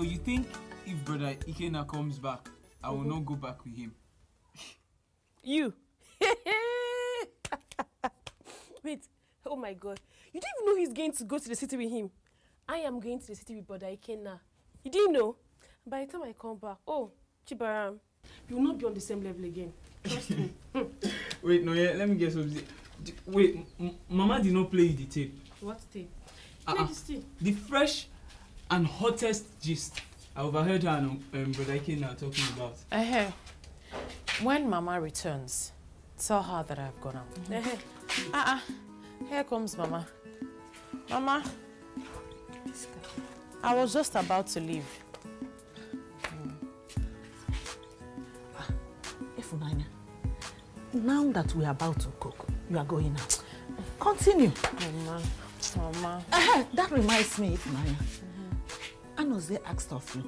So you think if brother Ikena comes back, I will not go back with him? you. Wait. Oh my God. You didn't even know he's going to go to the city with him. I am going to the city with brother Ikena. You didn't know? By the time I come back, oh, Chibaram, you will not be on the same level again. Trust me. Wait, no, yeah, let me get something. Wait, Mama did not play the tape. What tape? Uh-uh. Play this tape. The fresh and hottest gist I overheard her and um, Brother now talking about. Uh -huh. When Mama returns, tell her that I've gone out. Mm -hmm. uh ah, -huh. Ah. uh -uh. Here comes Mama. Mama, I was just about to leave. Mm. now that we are about to cook, you are going out. Continue. Mama, Mama. Uh that reminds me, Funanya. Anoze asked of you,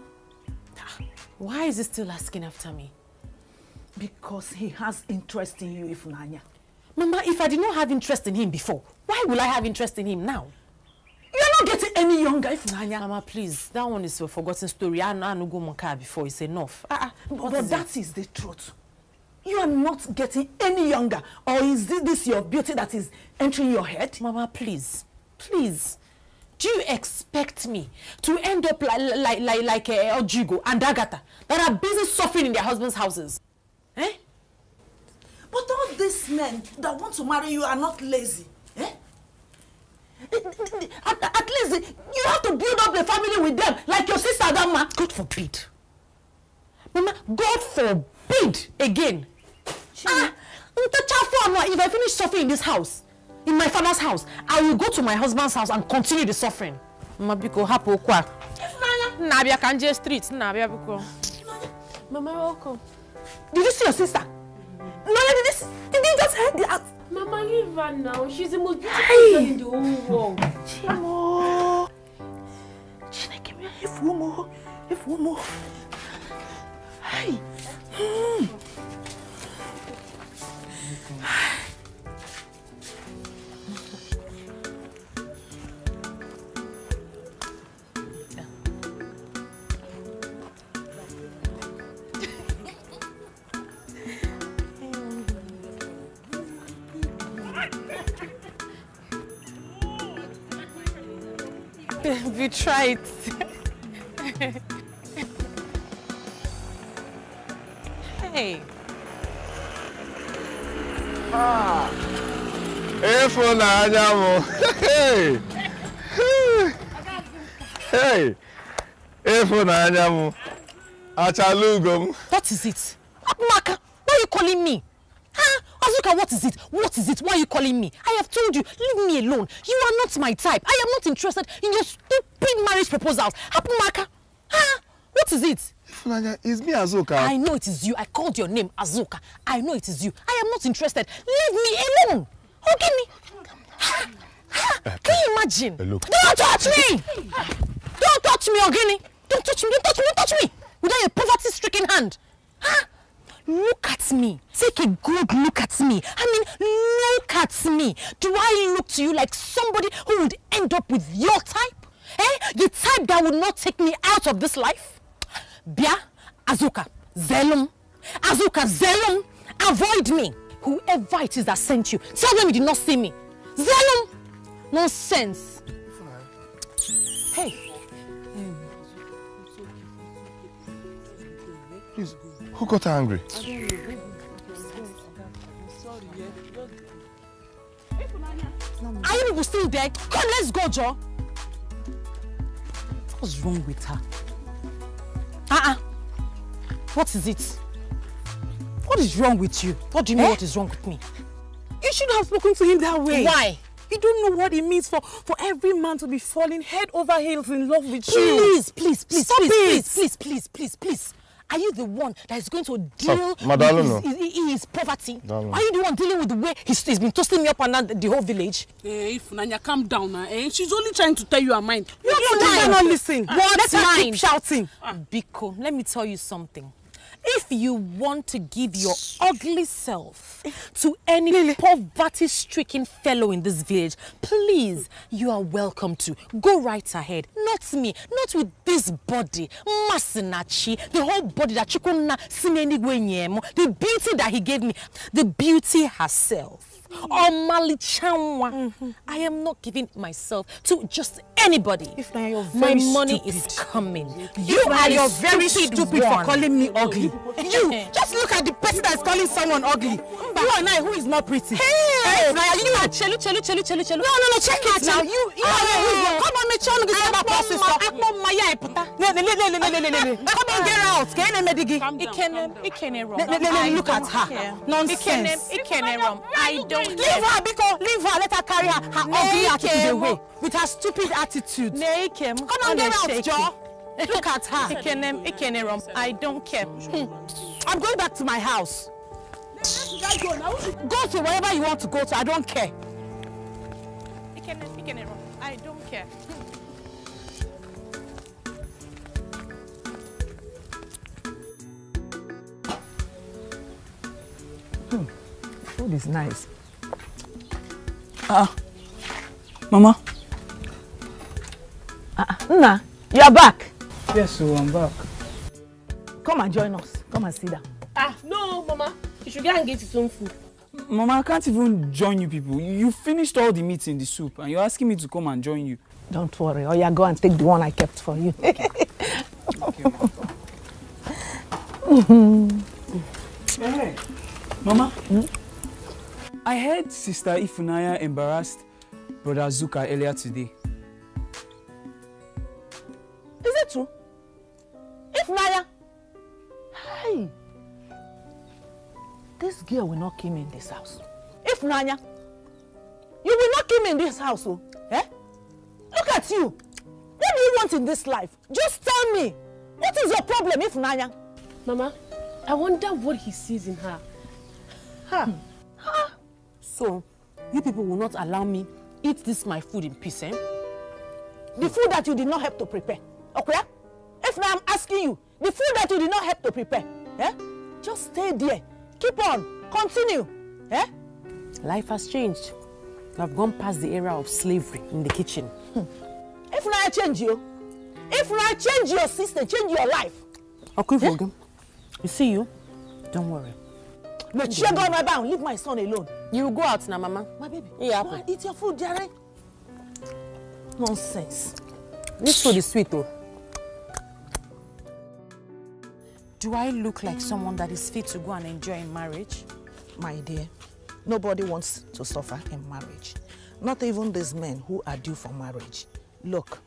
Why is he still asking after me? Because he has interest in you, Ifunanya. Mama, if I did not have interest in him before, why will I have interest in him now? You're not getting any younger, Ifunanya. Mama, please, that one is a forgotten story. I know go Monka before, it's enough. Uh, but is that it? is the truth. You are not getting any younger. Or is this your beauty that is entering your head? Mama, please, please. do you expect me to end up like like like, like uh, Ojigo and Agatha that are busy suffering in their husbands' houses? Eh? But all these men that want to marry you are not lazy. Eh? eh, eh, eh at, at least you have to build up a family with them, like your sister Adama. God forbid. Mama, God forbid again. She... Ah, if I finish suffering in this house, in my father's house. I will go to my husband's house and continue the suffering. Mama biko hapo okwu a. Nna abịa ka street nna abịa biko. Mama welcome. Did you see your sister? Nana did this did you just heard that? Mama leave her now. She's the most beautiful girl in the whole world. Chimo. Chineke me if womo. If womo. Hey. Mm. we tried. hey. Ah. Ịfụnanya m. Hey. Hey. Ịfụnanya m. Achala What is it? Abumaka, why are you calling me? Huh? Azuka, what is it? What is it? Why are you calling me? I have told you, leave me alone. You are not my type. I am not interested in your stupid marriage proposals. Happen, Maka. Huh? What is it? Funanya, it's me, Azuka. I know it is you. I called your name, Azuka. I know it is you. I am not interested. Leave me alone. Okay, oh, me. Can you imagine? Uh, look. Don't touch me! Don't touch me, Ogini! Don't touch me! Don't touch me! Don't touch me! Without your poverty-stricken hand! Huh? Look at me. Take a good look at me. I mean, look at me. Do I look to you like somebody who would end up with your type? Eh? The type that would not take me out of this life? Bia, Azuka, Zelum. Azuka, Zelum, avoid me. Whoever it is that sent you, tell them you did not see me. Zelum, nonsense. Hey. Please, who got angry? Are you still there? Come, let's go, Joe. What's wrong with her? Uh-uh. What is it? What is wrong with you? What do you mean eh? what is wrong with me? You shouldn't have spoken to him that way. Why? You don't know what it means for, for every man to be falling head over heels in love with please, you. Please, please, please, Stop please, it. please, please, please, please, please. Are you the one that is going to deal oh, with his, his, his poverty? Madaluna. Are you the one dealing with the way he's, he's been toasting me up and down the, whole village? Eh, if Nanya, calm down. Now, eh? She's only trying to tell you her mind. You're not listening. What Let Her keep shouting. Ah. Biko, let me tell you something. If you want to give your ugly self eh. to any poverty-stricken fellow in this village, please, you are welcome to. Go right ahead. Not me. Not with this body. Masinachi. The whole body that Chukwuna Sinenigwe Nyemo. The beauty that he gave me. The beauty herself. Mm-hmm. Omalichawa. Mm-hmm. I am not giving myself to just anybody. If now you're very My money is coming. If you are you're very stupid, stupid for calling me ugly. you just look at the person that is calling someone ugly. Mm-hmm. You and I, who is not pretty? Hey, hey you are chelu chelu chelu chelu chelu. No no no, check it now. You you oh. are come on, make sure you get back process. Akpo maya eputa. No no no no Come on, get out. Can you medigi? It can it can Look at her. Nonsense. It can I don't leave her biko leave her let her carry her, her ugly attitude away with her stupid attitude. na ikem come on get out jo look at her. ikenem ikenerom i don't care. Hmm. i'm going back to my house. go to wherever you want to go to i don't care. ikenem ikenerom i don't care. Hmm. Food is nice. Ah, Mama. Ah, ah, Nna, you are back. Yes, so I'm back. Come and join us. Come and sit down. Ah, no, Mama. You should go and get some food. Mama, I can't even join you people. You finished all the meat in the soup and you're asking me to come and join you. Don't worry. Oh, yeah, go and take the one I kept for you. Okay. okay, Mama. hey. Mama. Hmm? I heard Sister Ifunaya embarrassed Brother Zuka earlier today. Is it true? Ifunaya? Hey! This girl will not come in this house. Ifunaya, you will not come in this house, oh. Eh? Look at you. What do you want in this life? Just tell me. What is your problem, Ifunaya? Mama, I wonder what he sees in her. Huh? Hmm. So, you people will not allow me eat this my food in peace, eh? The food that you did not help to prepare, okay? If now I'm asking you, the food that you did not help to prepare, eh? Just stay there. Keep on. Continue. Eh? Life has changed. I've gone past the era of slavery in the kitchen. Hmm. If now I change you, if now I change your sister, change your life. Okay, eh? Volga. You see you, don't worry. No, she go on my bound. Leave my son alone. You go out now, Mama. My baby. Yeah. Go eat your food, Jerry. Nonsense. This food is sweet, though. Do I look like someone that is fit to go and enjoy in marriage? My dear, nobody wants to suffer in marriage. Not even these men who are due for marriage. Look,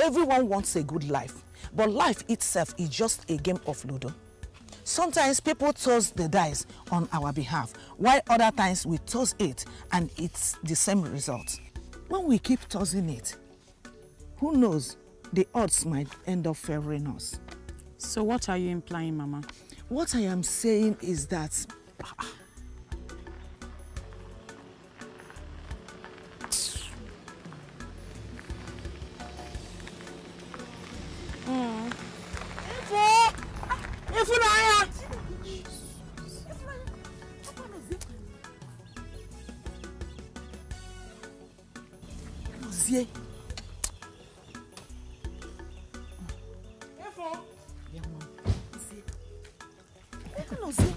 everyone wants a good life, but life itself is just a game of Ludo. Sometimes people toss the dice on our behalf, while other times we toss it and it's the same result. When we keep tossing it, who knows, the odds might end up favoring us. So what are you implying, Mama? What I am saying is that... Mm. Ifunanya! Luzie. Luzie.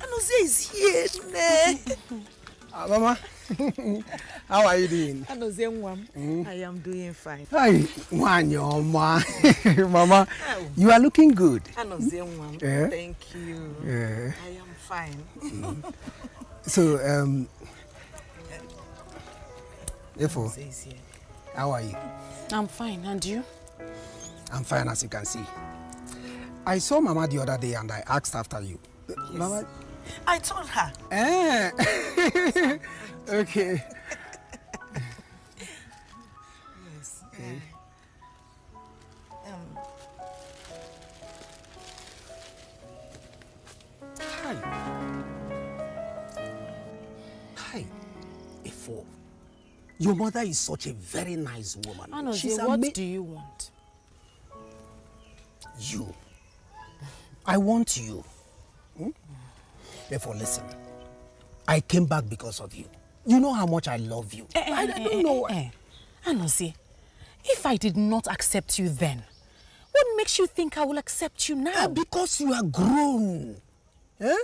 Luzie is here. Ah, Mama, how are you doing? I mm. I am doing fine. Hi, Mama. Mama, oh. you are looking good. Yeah. Eh? Thank you. Yeah. I am fine. Mm. So, um, how are you? I'm fine. And you? I'm fine, as you can see. I saw Mama the other day and I asked after you. Yes. Mama, I told her. Eh. okay. yes. Okay. Eh. Um. Hi. Hi. Efo. Your mother is such a very nice woman. Anozie, She's what do you want? You. I want you. Therefore, listen. I came back because of you. You know how much I love you. Eh, I, eh, I, don't eh, eh know. Eh, eh. if I did not accept you then, what makes you think I will accept you now? Eh, because you are grown. Eh?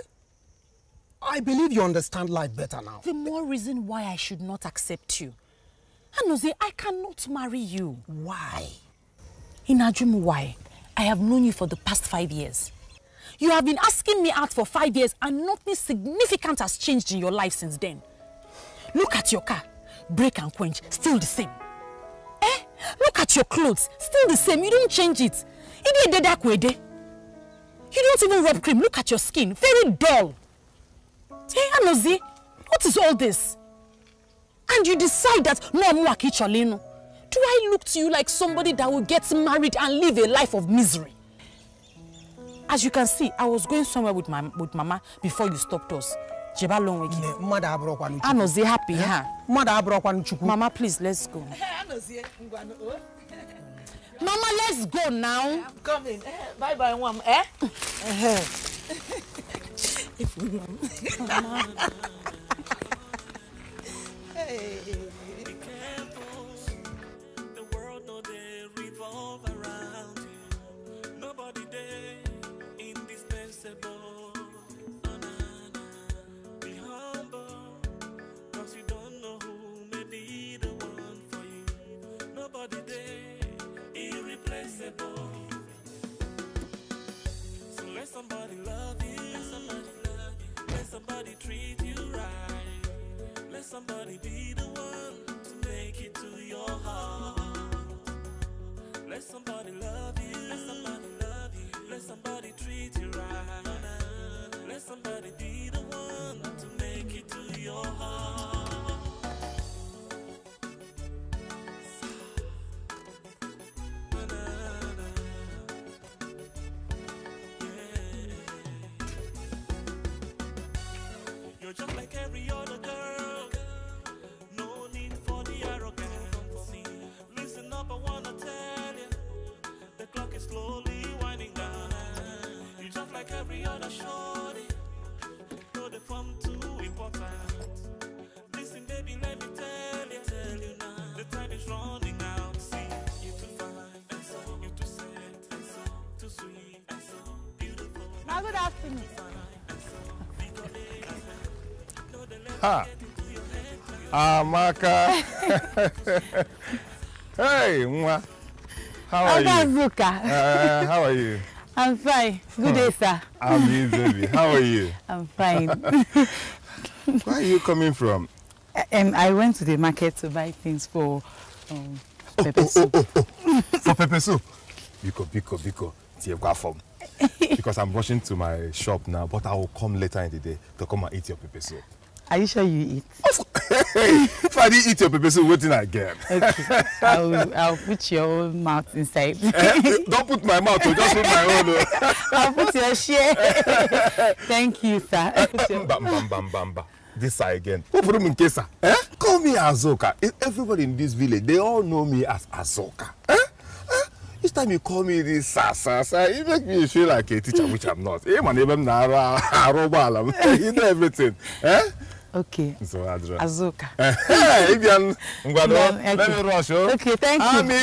I believe you understand life better now. The more reason why I should not accept you. Anozie, I cannot marry you. Why? In Ajum, why? I have known you for the past five years. You have been asking me out for five years and nothing significant has changed in your life since then. Look at your car, break and quench, still the same. Eh? Look at your clothes, still the same, you don't change it. You don't even rub cream, look at your skin, very dull. Eh, Anozi, what is all this? And you decide that, no, I'm Do I look to you like somebody that will get married and live a life of misery? as you can see i was going somewhere with my with mama before you stopped us jeba long way kii mmadụ abụrụ ọkwa anọzie happy eh? ha mmadụ abụrụ ọkwa mama please let's go oh. mama let's go now coming bye bye nwa m eh mama. flexible. Be humble, you don't know who may be the one for you. Nobody there, irreplaceable. So somebody love you. Let somebody love you. Let somebody treat you right. Let somebody be the one to make it to your heart. Let somebody love you. Let somebody love you. Let somebody treat you right. Let somebody be the one to make it to your heart. every other shorty. No, the form too important. Listen, baby, let me tell you, tell you now. The time is running out. See, you too fine, and so you too sad, and so too sweet, and so beautiful. Now, good afternoon. Amaka! Ah, hey, Mwa! How are you? Uh, how are you? I'm fine. Good day, sir. I'm you, baby. How are you? I'm fine. Where are you coming from? Um, I went to the market to buy things for um, oh, pepper oh, oh soup. Oh, oh, oh. for pepper soup? Biko, biko, biko. E Because I'm rushing to my shop now, but I will come later in the day to come and eat your pepper soup. Are you sure you eat? if I didn't eat your pepper soup, waiting again. okay, I'll, I'll put your own mouth inside. Eh? don't put my mouth, or oh, just put my own. Oh. I'll put your share. Thank you, sir. bam, bam, bam, bam, bam. This side again. Who put him in Kesa? Eh? Call me Azoka. Everybody in this village, they all know me as Azoka. Eh? eh? each time you call me this sa sa sa you make me feel like a teacher which i'm not ị ma na ebe m na you know everything eh? Ok, Azuka. me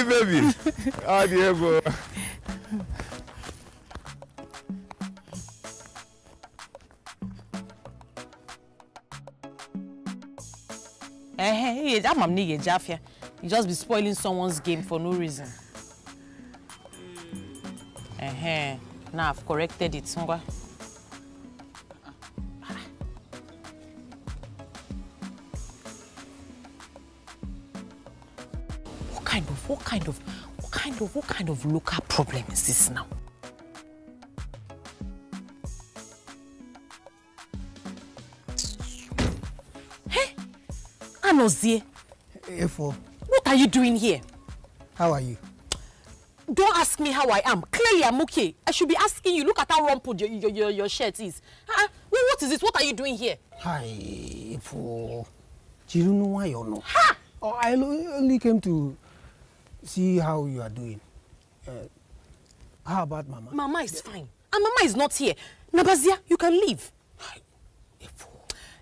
baby. ama m na ị ga You just be spoiling someone's game for no reason. Mm. Eh, eh. na I've corrected it, ngwa. what kind of, what kind of, what kind of local problem is this now? Hey, Anozie. Efo. What are you doing here? How are you? Don't ask me how I am. Clearly, I'm okay. I should be asking you. Look at how rumpled your, your, your, your shirt is. Uh, what is this? What are you doing here? Hi, for, Do you know why or not? Ha! Oh, I only came to see how you are doing. Uh, how about Mama? Mama is yeah. fine. And Mama is not here. Nabazia, you can leave.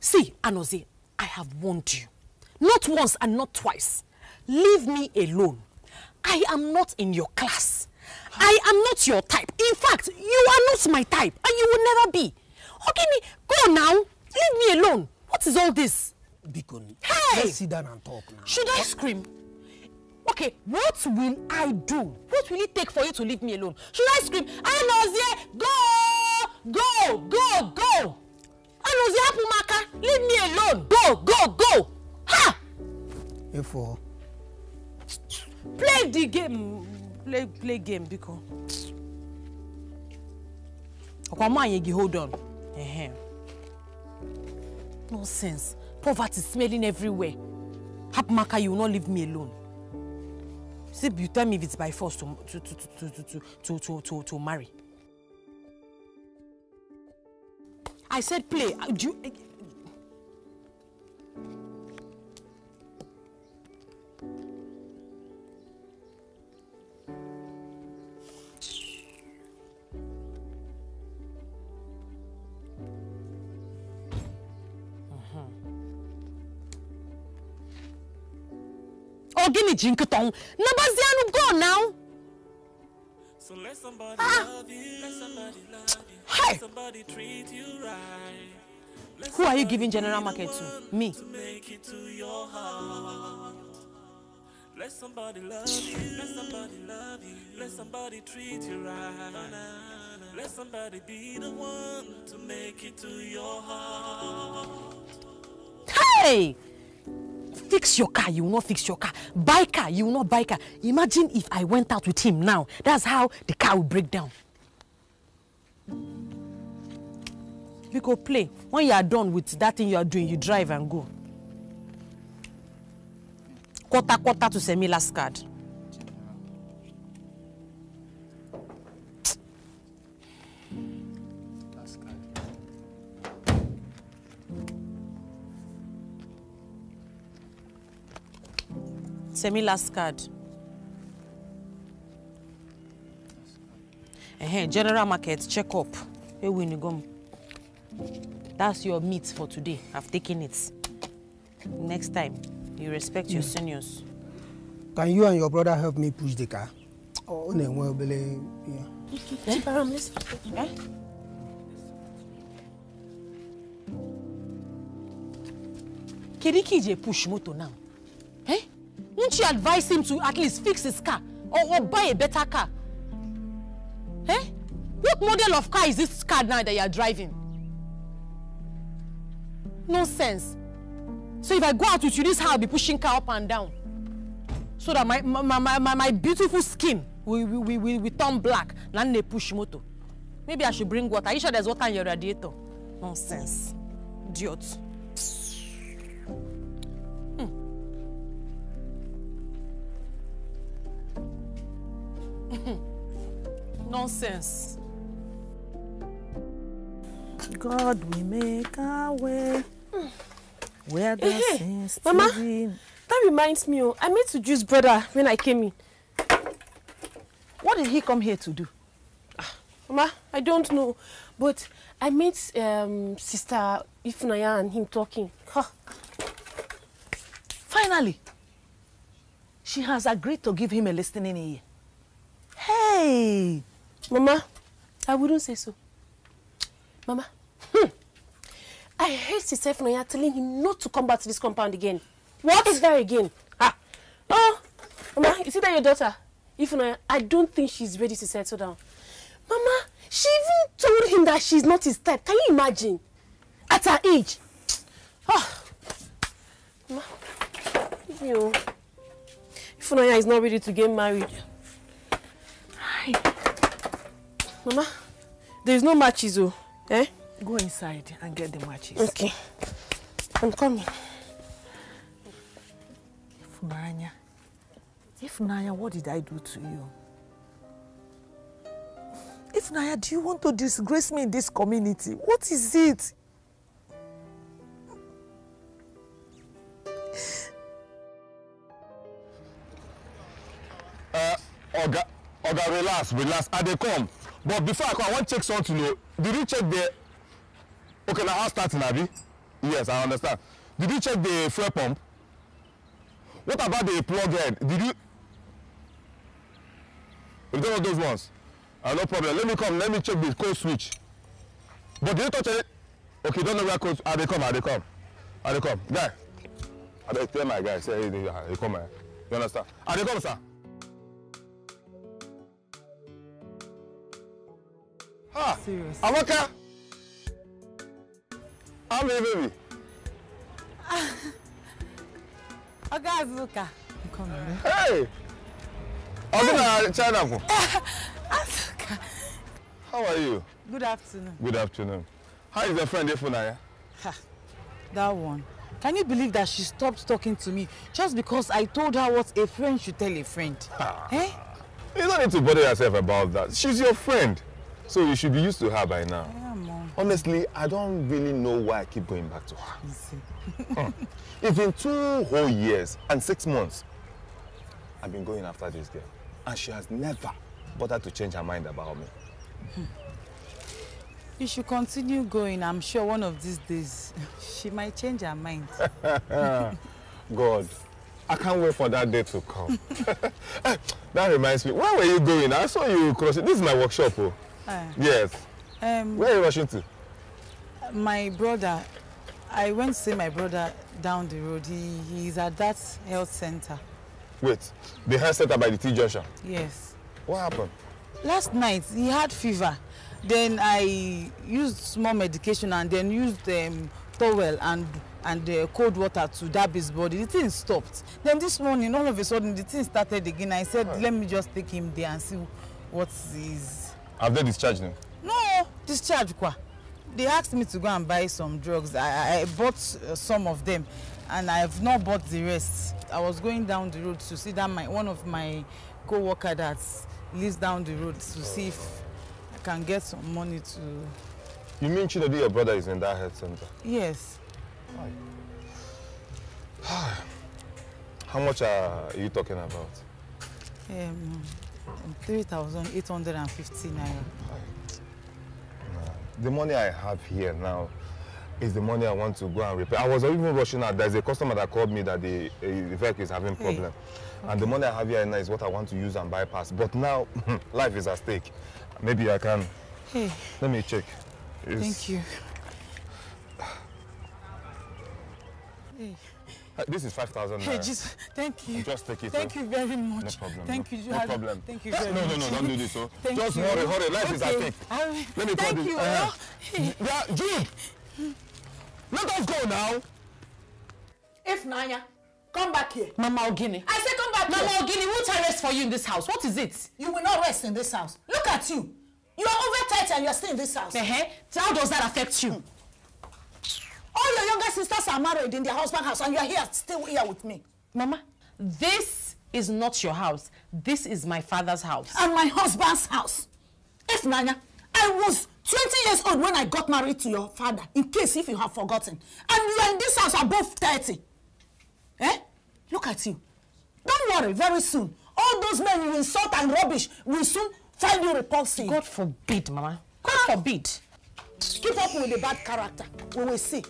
See, Anozie, I have warned you. Not once and not twice. Leave me alone. I am not in your class. I am not your type. In fact, you are not my type and you will never be. Ogini, go now. Leave me alone. What is all this? Bikon, hey! let's sit down and talk now. Should I scream? Okay, what will I do? What will it take for you to leave me alone? Should I scream, Anozie, go, go, go, go? Anozie Apumaka, leave me alone. Go, go, go. Ha! Efo. Play the game. Play, play game, Biko. Okwama Yegi, hold on. Uh-huh. Nonsense. Poverty smelling everywhere. Apumaka, you will not leave me alone. See, you tell me if it's by force to to to to to to to to to, to marry. I said play. Uh, do you, go now So let somebody ah. love you. Let somebody love you. Hey. Let somebody treat you right. Let Who are you giving general market to? Me. To make it to your heart. Let somebody love you. Let somebody love you. Let somebody treat you right. Let somebody be the one to make it to your heart. Hey! fix your car, you will not fix your car. Buy car, you will not buy car. Imagine if I went out with him now. That's how the car will break down. You go play. When you are done with that thing you are doing, you drive and go. Quarter, quarter to semi last card. semi last Uh-huh. General market check up. Hey, Winigum. That's your meat for today. I've taken it. Next time, you respect mm. your hmm. seniors. Can you and your brother help me push the car? Oh, no, well, believe. Yeah. Eh? Eh? Kiriki je push moto now. Eh? Won't you advise him to at least fix his car or, or buy a better car? Eh? What model of car is this car now that you are driving? Nonsense. So if I go out with you, this car I'll be pushing car up and down. So that my my my, my, my beautiful skin will, will, will, will, turn black. Then they push moto. Maybe I should bring water. Are you sure there's water in your radiator? Nonsense. Idiot. Nonsense. God we make our way where the hey, seems hey, Mama, be. that reminds me, oh, I met juice brother when I came in. What did he come here to do? Ah, Mama, I don't know, but I met um, Sister Ifunaya and him talking. Huh. Finally, she has agreed to give him a listening ear. Hey, Mama. I wouldn't say so. Mama, hmm. I hate it if you are telling him not to come back to this compound again. What is there again? Ah. Oh, Mama, is it that your daughter? If know, I don't think she's ready to settle down. Mama, she even told him that she's not his type. Can you imagine? At her age. Oh. Mama, you. know, is not ready to get married. Hi. Mama, there is no matches, oh. Eh? Go inside and get the matches. Okay. I'm coming. If if Ifunanya, what did I do to you? If Naya, do you want to disgrace me in this community? What is it? Uh, Oga, oga relax relax i dey come but before i come i wan check something o did you check the okay na how starting abi yes i understand did you check the fuel pump what about the plug head did you you don't want those ones ah no problem let me come let me check the code switch but did you touch it? okay don't know where code i dey come Are they come Are they come guy i tell my guy say hey dey come eh you understand Are they come sir. Ah, Seriously. Amaka! How many baby? Ah. Oga Azuka. I'm coming. Eh? Hey! Oga hey. China. Azuka. How are you? Good afternoon. Good afternoon. How is your friend Efunaya? Ha, that one. Can you believe that she stopped talking to me just because I told her what a friend should tell a friend? Ha. Eh? You don't need to bother yourself about that. She's your friend. So you should be used to her by now. Yeah, Mom. Honestly, I don't really know why I keep going back to her. Easy. hmm. Even two whole years and six months, I've been going after this girl. And she has never bothered to change her mind about me. Hmm. You should continue going. I'm sure one of these days, she might change her mind. God, I can't wait for that day to come. Eh, that reminds me, where were you going? I saw you crossing. This is my workshop. Oh. Uh, yes. Um, Where are you rushing to? My brother. I went to see my brother down the road. He, he's at that health center. Wait, the health center by the T junction? Yes. What happened? Last night, he had fever. Then I used small medication and then used um, towel and and uh, cold water to dab his body. The thing stopped. Then this morning, all of a sudden, the thing started again. I said, right. let me just take him there and see what is Have they discharged them? No, discharge kwa. They asked me to go and buy some drugs. I, I bought uh, some of them and I have not bought the rest. I was going down the road to see that my one of my co-worker that lives down the road to see if I can get some money to... You mean that your brother, is in that health center? Yes. How much are you talking about? Um, and 3,850 naira. The money I have here now is the money I want to go and repair. I was even rushing out. There's a customer that called me that the, eh, the vehicle is having problem. Hey. Okay. And the money I have here now is what I want to use and bypass. But now, life is at stake. Maybe I can... Hey. Let me check. It's... Thank you. hey. Uh, this is 5,000 Hey, just, thank you. Just take it. Thank so. you very much. No problem. Thank you. No problem. Thank you very no, much. No, no, no, don't do this. So. Thank just you. hurry, hurry. Life okay. is at stake. Let me thank call you. Uh, hey. Jude, let us go now. If Nanya, come back here. Mama Ogini. I say come back Mama here. Mama Ogini, won't I rest for you in this house? What is it? You will not rest in this house. Look at you. You are over tight and you are still in this house. Uh -huh. How does that affect you? Mm all your younger sisters are married in their husband house and you are here still here with me. Mama, this is not your house. This is my father's house. And my husband's house. If Nanya, I was 20 years old when I got married to your father, in case if you have forgotten. And you and this house are both 30. Eh? Look at you. Don't worry, very soon. All those men you insult and rubbish will soon find you repulsive. God forbid, Mama. God ah. forbid. Keep up with the bad character. We will see.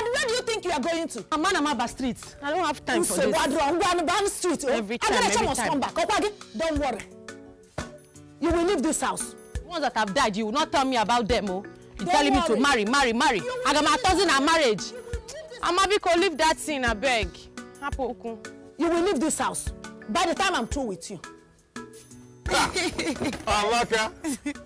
And where do you think you are going to? on Amanamaba Street. I don't have time you for say, this. Wadro, Street. Oh. Every time, Adelecha every must time. come back. Okwage, don't worry. You will leave this house. The ones that have died, you will not tell me about them, oh. You're don't telling worry. me to marry, marry, marry. I got my cousin and marriage. Amabiko, leave that thing, abeg. Hapo okun. You will leave this house. By the time I'm through with you. Ah, Amaka,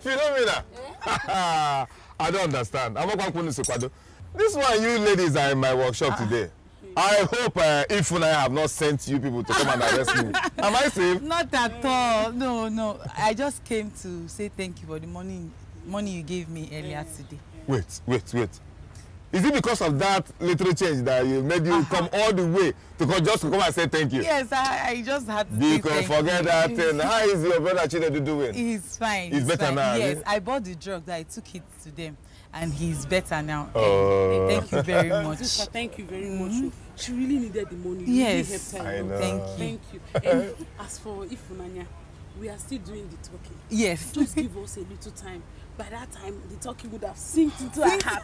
Philomena. Eh? I don't understand. Amaka kunu sekwado. This one, you ladies are in my workshop ah. today. I hope uh, if I have not sent you people to come and arrest me. Am I safe? Not at all. No, no. I just came to say thank you for the money money you gave me earlier today. Wait, wait, wait. Is it because of that little change that you made you uh -huh. come all the way to come just to come and say thank you? Yes, I, I just had to say thank you. Because forget that thing. How is your brother Chinedu doing? He's fine. He's, he's better fine. now. Yes, I bought the drug that I took it to them. and he's better now. Uh. Thank you very much. Sister, thank you very much. Mm -hmm. She really needed the money. Yes, really I know. Thank you. Thank you. And as for Ifunanya, we are still doing the talking. Yes. Just give us a little time. by that time the turkey would have sinked into her heart.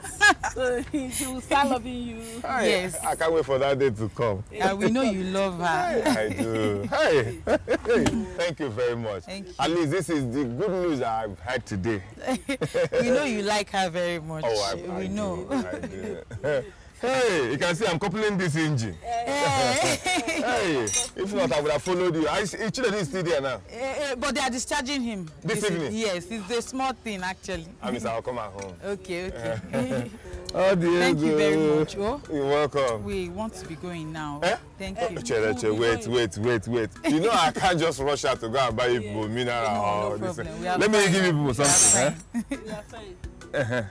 so she will start loving you. Hi, yes. I can't wait for that day to come. And we know you love her. Hey, I do. Hi, Thank you very much. Thank you. At least this is the good news I've had today. we know you like her very much. Oh, I, I we know. Do. I do. Hey, you can see I'm coupling this engine. Hey. Eh. hey, if not, I would have followed you. I, eh, Chidodi is still there now. Uh, but they are discharging him. This, this evening? Is, yes, it's a small thing, actually. I mean, I'll come at home. Okay, okay. oh, dear Thank you very much. Oh. You're welcome. We want to be going now. Eh? Thank eh? you. Chere, chere, wait, wait, wait, wait. you know I can't just rush out to go and buy you yeah. mineral no, or no this. Let fine. me give you people something. Eh? We are fine. Uh-huh.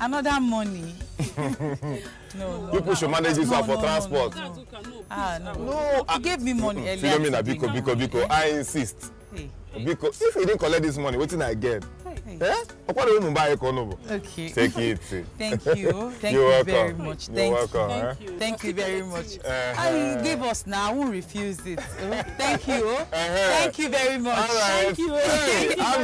another money. no, no, people should manage this no, one for no, transport. No, no. Ah, ah, no. no he ah, gave me money earlier. Philomena, biko, biko, biko, I insist. Hey. Biko, if you didn't collect this money, wetin I get? Eh? Ọ̀pọ̀lọpọ̀ Okay. Take it. Thank you. Thank You're you welcome. very much. Thank welcome. You. Thank you. Eh? Thank you very much. Uh -huh. I give us now. I won't refuse it. Oh, thank you. Uh -huh. Thank you very much. All right. Thank you. Hey, I'm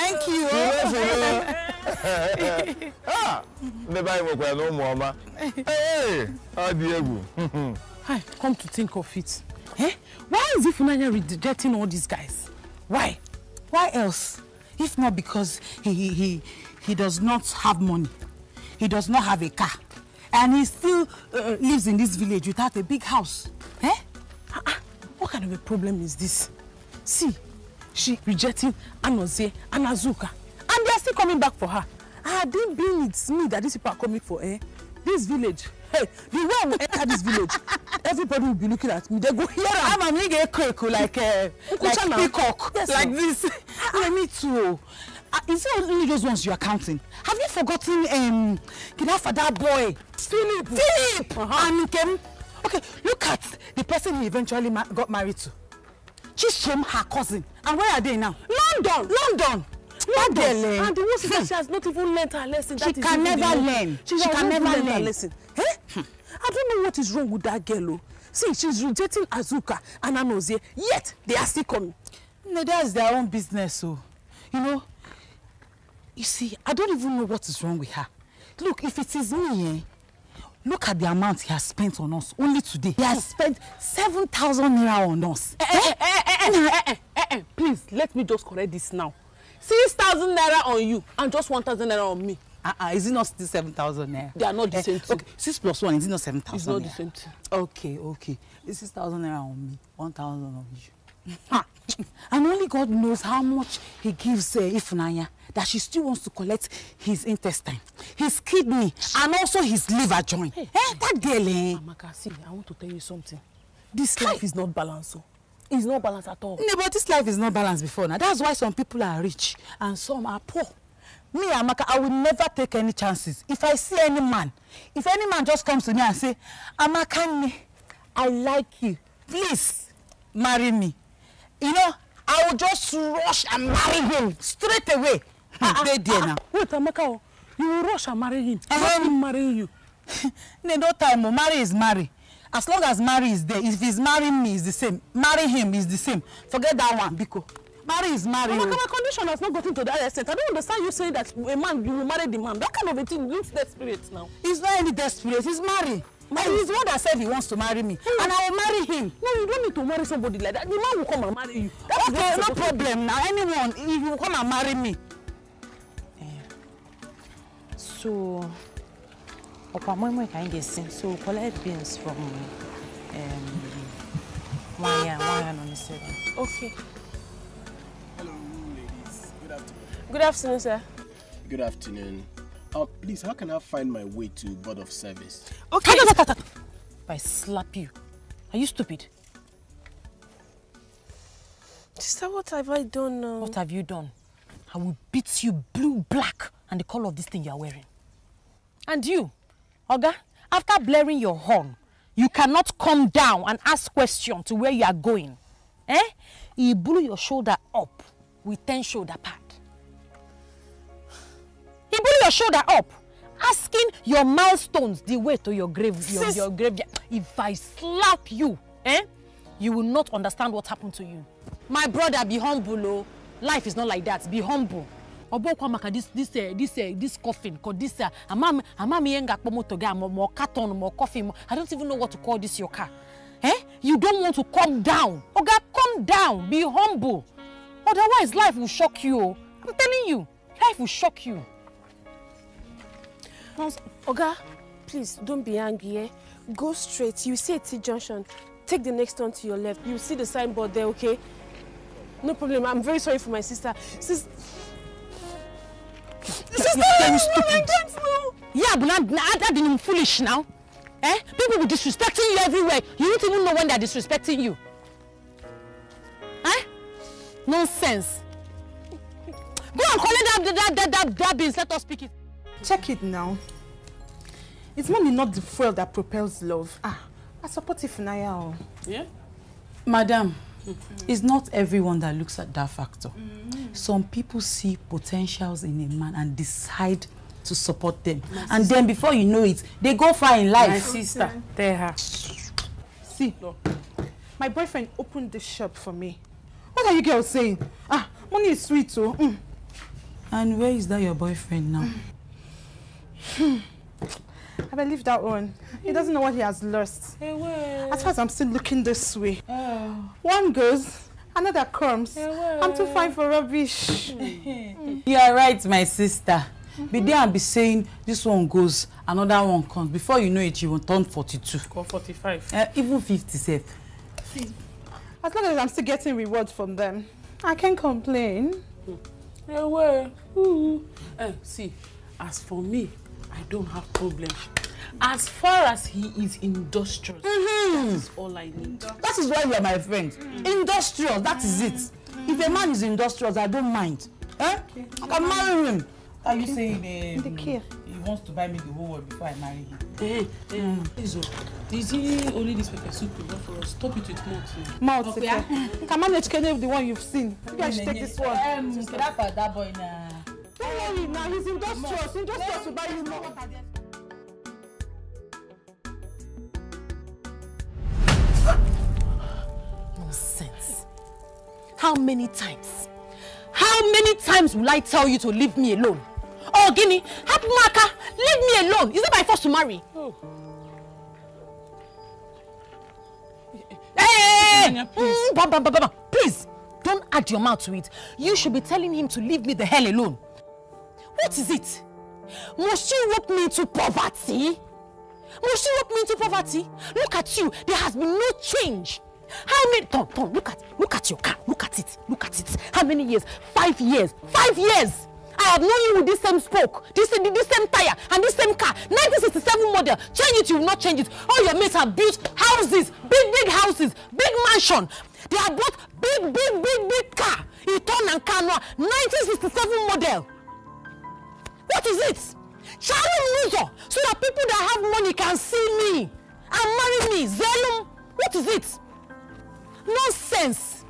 Thank you. Thank you. ndị be anyị nwekwara na ụmụ ọma ọ dị come to think of it eh? why is Ifunanya rejecting all these guys why why else if not because he, he, he, he does not have money he does not have a car and he still uh, uh lives in this village without a big house eh? Uh -uh. what kind of a problem is this see she rejecting Anozie and Azuka and they are still coming back for her ah then be it's me that these people are coming for eh this village hey the way i enter this village everybody will be looking at me they go hear am ah, am am get crack oh, like uh, like peacock yes, like no. this ah, ah. me too uh, is it only those ones you are counting have you forgotten um kinafa that boy philip philip uh -huh. and nkem okay look at the person he eventually ma got married to chisom her cousin and where are they now london london Padele. And the one she said she has not even learnt her lesson. She can never learn. She, can never learn. Her lesson. Eh? I don't know what is wrong with that girl. Oh. See, she is rejecting Azuka and Anozie, yet they are still coming. No, that's their own business. So, you know, you see, I don't even know what is wrong with her. Look, if it is me, eh, look at the amount he has spent on us only today. He has spent seven thousand naira on us. Eh, eh, eh, eh, eh, eh, eh, eh, eh, please, let me just correct this now six thousand naira on you and just one thousand naira on me. ah uh ah -uh, is it not still seven thousand naira. they are not the eh, same thing. okay six plus one is it not seven thousand it's not the same thing. okay okay it's six thousand naira on me one thousand on you. and only God knows how much he gives uh, Ifunanya that she still wants to collect his intestine, his kidney, and also his liver joint. Hey, eh, hey, that girl, eh? Amaka, see, I want to tell you something. This life is not balanced. Oh is not balanced at all. No, but this life is not balanced before now. That's why some people are rich and some are poor. Me, Amaka, I will never take any chances. If I see any man, if any man just comes to me and say, Amaka, I like you. Please marry me. You know, I will just rush and marry him straight away. Hmm. Stay there now. Wait, Amaka, oh, you will rush and marry him. Uh -huh. marry you. no, no time. Oh, marry is marry as long as marry is there if he's marrying me is the same marry him is the same forget that one biko marry is marry. Mama, my condition has not gotten to that extent. I don't understand you saying that a man, you will marry the man. That kind of a thing looks desperate now. It's not any desperate, it's marry. Marry. And one that said he wants to marry me. Hmm. And I will marry him. No, you don't need to marry somebody like that. The man will come and marry you. That's okay, no problem now. Anyone, if you come and marry me. Yeah. So... so collect beans from um, okay hello ladies good afternoon good afternoon sir good afternoon uh, please how can i find my way to board of service okay if i slap you are you stupid Sister, what have I done now? What have you done? I will beat you blue, black, and the color of this thing you are wearing. And you, Oga, after blaring your horn, you cannot come down and ask questions to where you are going. Eh? He blew your shoulder up with ten shoulder pad. He blew your shoulder up, asking your milestones the way to your grave. Your, your grave. If I slap you, eh? You will not understand what happened to you. My brother, be humble, oh. Life is not like that. Be humble ọbọ kwa maka this this uh, eh, this uh, eh, this coffin ko this uh, eh, amami amami yẹn ga kpọmọ tọgẹ amọ mọ carton mọ coffin mọ i don't even know what to call this your car eh you don't want to come down oga come down be humble otherwise life will shock you o i'm telling you life will shock you. oga please don't be angry eh go straight you see eti junction take the next turn to your left you see the signboard there okay no problem i'm very sorry for my sister sis This is not stupid. Yeah, but now that been foolish now. Eh? People will disrespecting you everywhere. You don't even know when they're disrespecting you. Eh? Nonsense. Go and call it that, that, that, that, that beans. Let us speak it. Check it now. It's money not the fuel that propels love. Ah, I support if Ifunaya. Yeah? Madam, Mm-hmm. It's not everyone that looks at that factor. Mm -hmm. Some people see potentials in a man and decide to support them. My and sister. then before you know it, they go far in life. My sister, Teha. See, no. my boyfriend opened this shop for me. What are you girls saying? Ah, money is sweet, oh. Mm. And where is that your boyfriend now? Hmm. I believe that one. He doesn't know what he has lost. as far as I'm still looking this way, oh. one goes, another comes. I'm too fine for rubbish. mm. You are right, my sister. Mm-hmm. Be there and be saying this one goes, another one comes. Before you know it, you will turn 42. Or 45. Uh, even 57. As long as I'm still getting rewards from them, I can't complain. Mm. Hey, uh, see, as for me, I don't have problems. As far as he is industrious, mm -hmm. that mm-hmm. is all I need. That is why you are my friend. Mm. Industrious, that mm. is it. Mm. If a man is industrious, I don't mind. Eh? Okay. I can marry him. Are you saying um, he wants to buy me the whole world before I marry him? Hey, hey, mm. is he only this pepper soup you for us? Stop it with mouth. Eh? Mouth, okay. Ah. Can manage Kenya the one you've seen? You guys should take this one. Um, that boy now. Don't worry now, he's industrious. Industrious will buy you more. How many times? How many times will I tell you to leave me alone? Oh, Guinea, happy Maka, leave me alone. Is it my force to marry? Oh. Hey! please. Mm, bam, bam, bam, bam. Please, don't add your mouth to it. You should be telling him to leave me the hell alone. What is it? Must you rope me into poverty? Must you rope me into poverty? Look at you. There has been no change. How many? Tom, Tom, look at, look at your car. Look at it. Look at it. How many years? Five years. Five years. I have known you with this same spoke, this, this same tire, and this same car. 1967 model. Change it, you will not change it. All your mates have built houses, big, big houses, big mansion. They have bought big, big, big, big car. You Eton and car Canoa, 1967 model. What is it? Sharon Muzo, so that people that have money can see me and marry me. Zelum, what is it? Nonsense.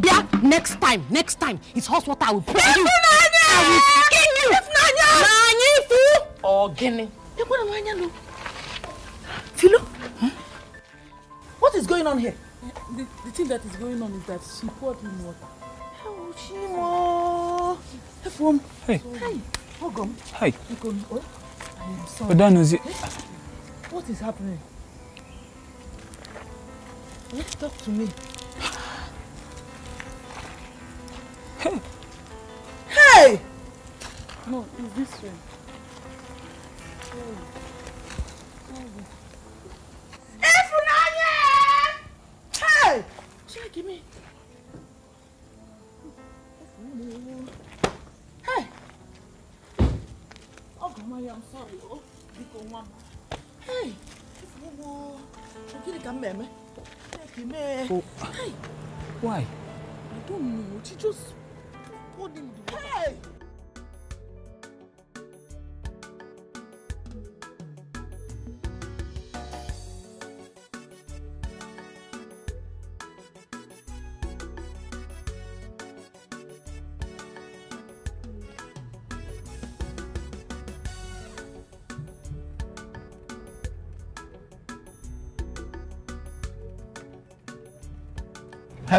Bia, next time, next time, it's hot water. I will put you. I will skin you. Nanyi fu. Ogini. Ekwana nanya What is going on here? The, the thing that is going on is that she poured him water. How she more? Efum. Hey. Hi. Ogum. Hi. Ogum. Oh, I am sorry. Odanozi. What is happening? Hey, talk to me. Hey. Hey! No, it's this way. Hey, give me. Amaya, I'm sorry. Oh, Biko, mama. Hey! Whoa, whoa. Okay, come here, man. Take him here. Hey! Why? I don't know. She just poured him Hey!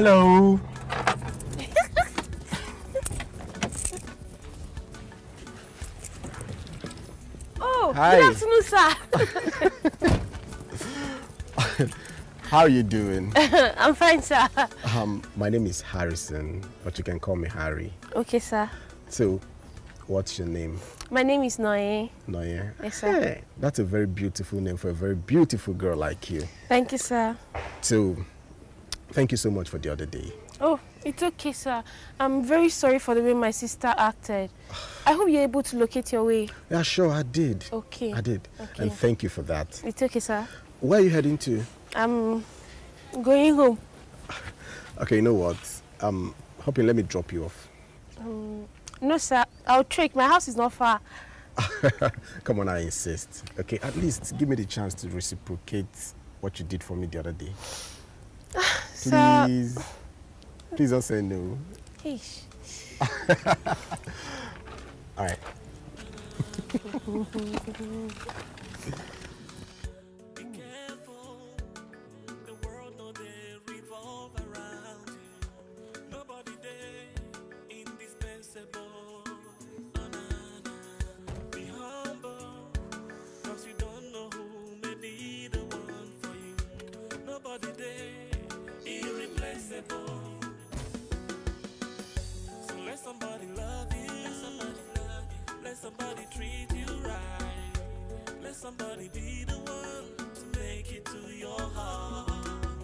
Hello. oh, Hi. good afternoon, sir. How are you doing? I'm fine, sir. Um, my name is Harrison, but you can call me Harry. Okay, sir. So, what's your name? My name is Noye. Noye. Yes, sir. Hey, that's a very beautiful name for a very beautiful girl like you. Thank you, sir. So, Thank you so much for the other day. Oh, it's okay, sir. I'm very sorry for the way my sister acted. I hope you're able to locate your way. Yeah, sure, I did. Okay. I did. Okay. And thank you for that. It's okay, sir. Where are you heading to? I'm going home. okay, you know what? I'm hoping let me drop you off. Um, no, sir. I'll trek. My house is not far. Come on, I insist. Okay, at least give me the chance to reciprocate what you did for me the other day. Please. So, Please don't say no. Heesh. All right. somebody treat you right. Let somebody be the one to make it to your heart.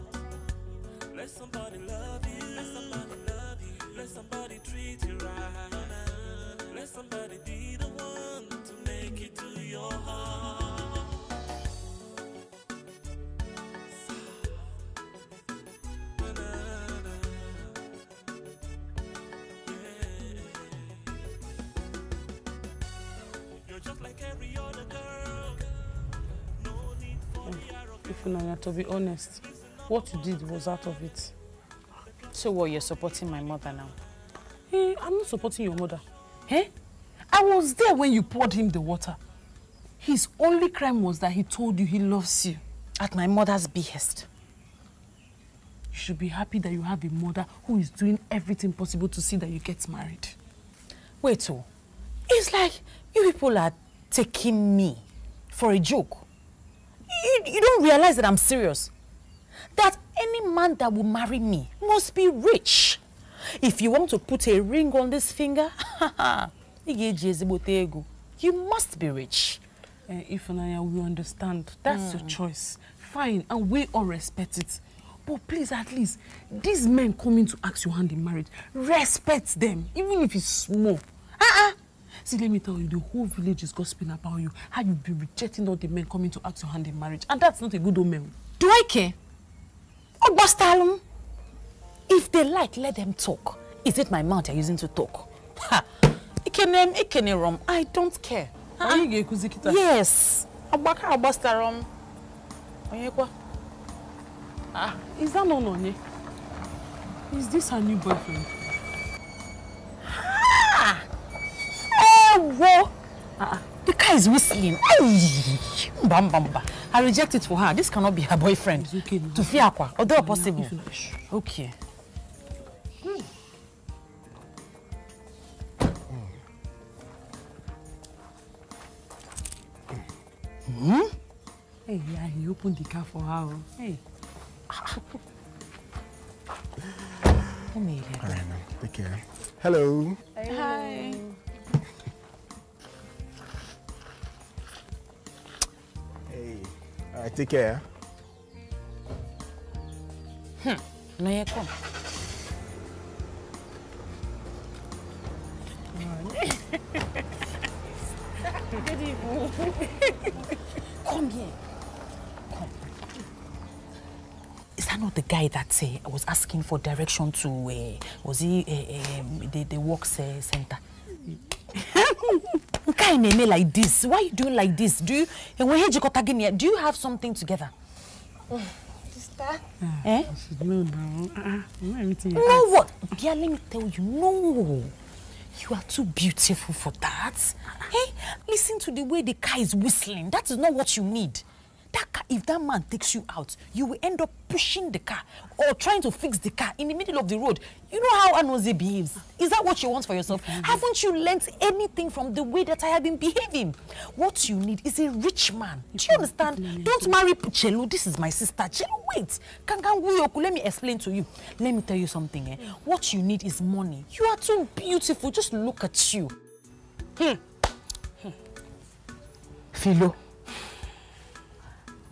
Let somebody love you. Let somebody love you. Let somebody treat you right. Let somebody be the one to make it to your heart. Funanya, to be honest, what you did was out of it. So what, you're supporting my mother now? Hey, eh, I'm not supporting your mother. Hey? Eh? I was there when you poured him the water. His only crime was that he told you he loves you. At my mother's behest. You should be happy that you have a mother who is doing everything possible to see that you get married. Wait, oh. It's like you people are taking me for a joke you, you don't realize that I'm serious. That any man that will marry me must be rich. If you want to put a ring on this finger, you must be rich. Uh, eh, Ifunaya, we understand. That's mm. your hmm. choice. Fine, and we all respect it. But please, at least, these men coming to ask your hand in marriage, respect them, even if it's small. Uh -uh. See, let me tell you, the whole village is gossiping about you. How you be rejecting all the men coming to ask your hand in marriage. And that's not a good omen. Do I care? Ogbastalum. If they like, let them talk. Is it my mouth you're using to talk? Ha! Ikenem, ikenerom. I don't care. Are uh-uh. you gekuzikita? Yes. Agbaka agbastarom. Onyekwa. Ah, is that not Onye? Is this her new boyfriend? wo. Ah, the car is whistling. Bam, bam, bam. I reject it for her. This cannot be her boyfriend. It's okay, to fear aqua, although possible. Okay. Mm. Hmm? Hey, yeah, he opened the car for her. Oh. Hey. Come here. All right, now. Take care. Hello. Hey. Hi. All right, take care. Hmm. No, you come. Good evening. come here. Come. Is that not the guy that uh, was asking for direction to, uh, was he, uh, um, the, the works uh, center? nke are like this why you doing like this do you do you have something together sister eh oh, no no uh-uh. what dear let me tell you no You are too beautiful for that. Hey, uh-uh. eh? listen to the way the car is whistling. That is not what you need that car, if that man takes you out, you will end up pushing the car or trying to fix the car in the middle of the road. You know how Anoze behaves. Is that what you want for yourself? Mm -hmm. Haven't you learnt anything from the way that I have been behaving? What you need is a rich man. Do you understand? Don't marry Chelu. This is my sister. Chelu, wait. Kanganguyoku, let me explain to you. Let me tell you something. Eh? What you need is money. You are too beautiful. Just look at you. Hmm. hmm. Philo.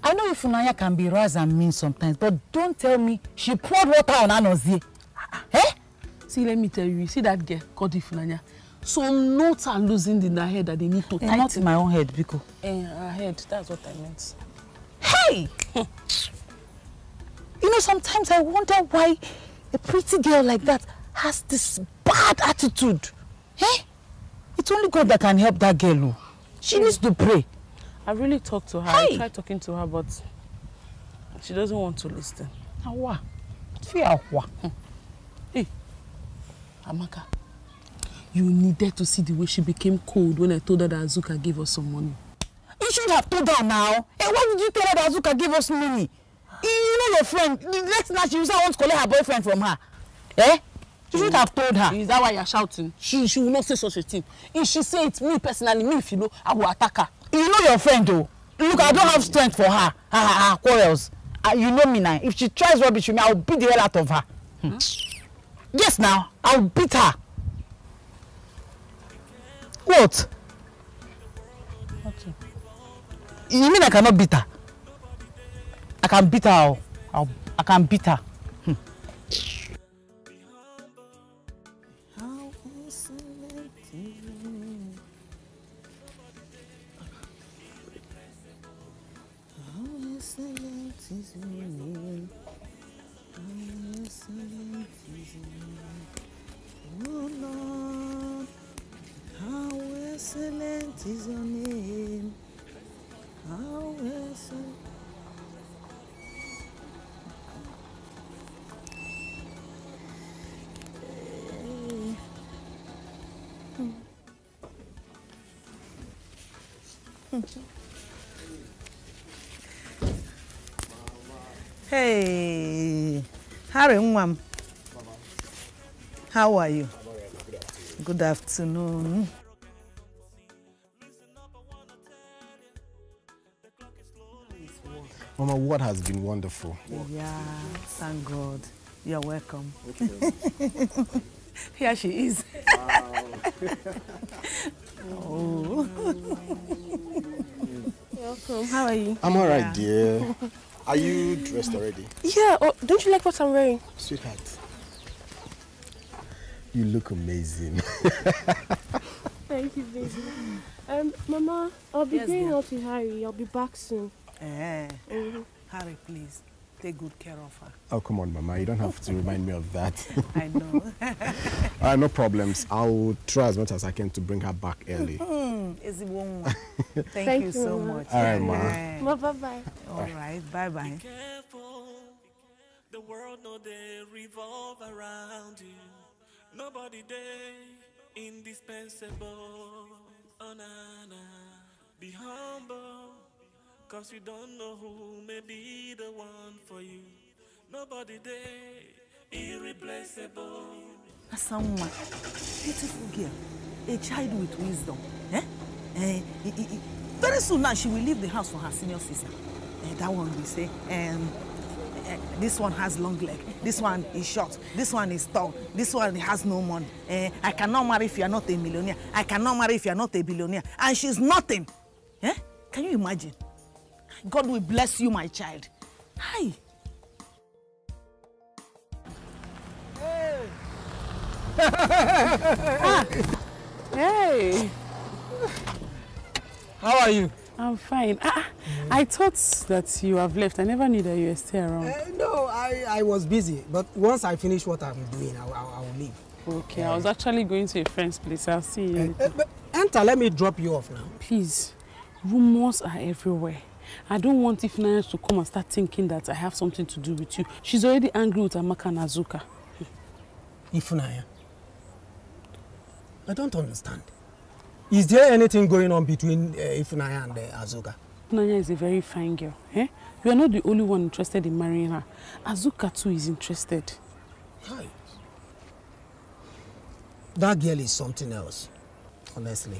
I know Ifunanya can be rash and mean sometimes, but don't tell me she poured water on Anozie. Ah, ah. Eh? See, let me tell you, you see that girl called Ifunanya. So notes are losing in her head that they need to eh, tighten. Not in my own head, Biko. In eh, her head, that's what I meant. Hey! you know, sometimes I wonder why a pretty girl like that has this bad attitude. Eh? It's only God that can help that girl. Oh. She hmm. needs to pray. I really talked to her. Hey. I tried talking to her, but she doesn't want to listen. Awa. Fear awa. Hmm. Hey. Amaka, you needed to see the way she became cold when I told her that Azuka gave us some money. You should have told her now. Hey, eh, why did you tell her that Azuka gave us money? You know your friend. The next night she used want to collect her boyfriend from her. Eh? You should have told her. Is that why you're shouting? She, she will not say such a thing. If she say it, me personally, me, if you know, I will attack her you know your friend o look i don't have strength for her her her, her quarrels uh, you know me now if she tries rubbish with me i will beat the hell out of her hmm. yes now i will beat her what okay. you mean i cannot beat her i can beat her o oh. i can beat her. is your name. How excellent. hey, Harry, How are you? Good afternoon. Mama, what has been wonderful? Yeah, thank God. You're welcome. Okay. Here she is. Wow. oh. Welcome. How are you? I'm all right, yeah. dear. Are you dressed already? Yeah. Oh, don't you like what I'm wearing? Sweetheart, you look amazing. Thank you, baby. Um, Mama, I'll be yes, going out with Harry. I'll be back soon. Eh. Mm. Harry, please, take good care of her. Oh, come on, Mama. You don't have to remind me of that. I know. All right, no problems. I'll try as much as I can to bring her back early. Hmm, is it one Thank, Thank you, you so much. All right, Ma. Ma, bye-bye. All right, bye-bye. The world no they revolve around you. Nobody they indispensable. Oh, Be humble. Cause you don't know who may be the one for you. Nobody there, irreplaceable. Asauma, beautiful girl, a child with wisdom. Eh? Eh, it, it, Very soon now, she will leave the house for her senior sister. Eh, that one we say, um, eh, this one has long leg, this one is short, this one is tall, this one has no money. Eh, I cannot marry if you are not a millionaire. I cannot marry if you are not a billionaire. And she's nothing. Eh? Can you imagine? God will bless you, my child. Hi. Hey. ah. Hey. How are you? I'm fine. Ah, mm. I thought that you have left. I never knew that you were still around. Uh, no, I, I was busy. But once I finish what I'm doing, I, I, I will leave. Okay, yeah. I was actually going to a friend's place. I'll see you. Uh, uh, enter, let me drop you off now. Please, rumors are everywhere. I don't want Ifunanya to come and start thinking that I have something to do with you. She's already angry with Amaka and Azuka. Ifunanya, I don't understand. Is there anything going on between uh, eh, Ifunanya and uh, Azuka? Ifunanya is a very fine girl. Eh? You are not the only one interested in marrying her. Azuka too is interested. Hi. That girl is something else, honestly.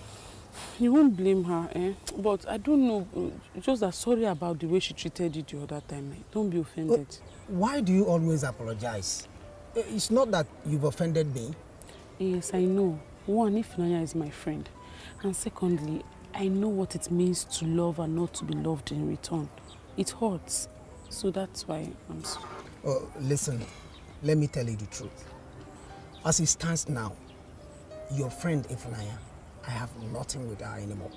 You won't blame her, eh? But I don't know, mm, just that sorry about the way she treated you the other time. Eh? Don't be offended. Oh, why do you always apologize? Eh, it's not that you've offended me. Yes, I know. One, Ifunanya is my friend. And secondly, I know what it means to love and not to be loved in return. It hurts. So that's why I'm sorry. Oh, listen, let me tell you the truth. As it stands now, your friend Ifunanya I have nothing with her anymore.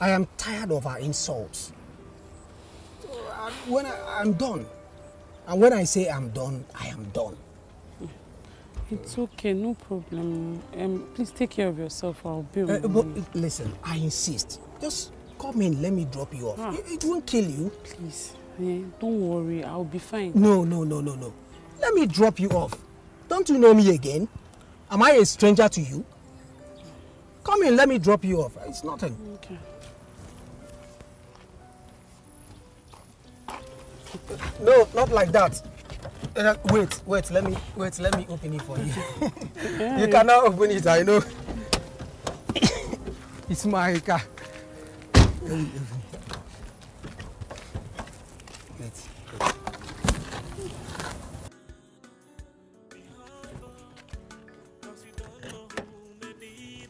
I am tired of her insults. When I, am done, and when I say I'm done, I am done. It's okay, no problem. Um, please take care of yourself. I'll be. Uh, but listen, I insist. Just come in. Let me drop you off. Ah. It, it, won't kill you. Please, yeah, don't worry. I'll be fine. No, no, no, no, no. Let me drop you off. Don't you know me again? Am I a stranger to you? Come in, let me drop you off. It's nothing. Okay. No, not like that. Uh, wait, wait, let me wait, let me open it for you. you cannot open it, I know. it's my car.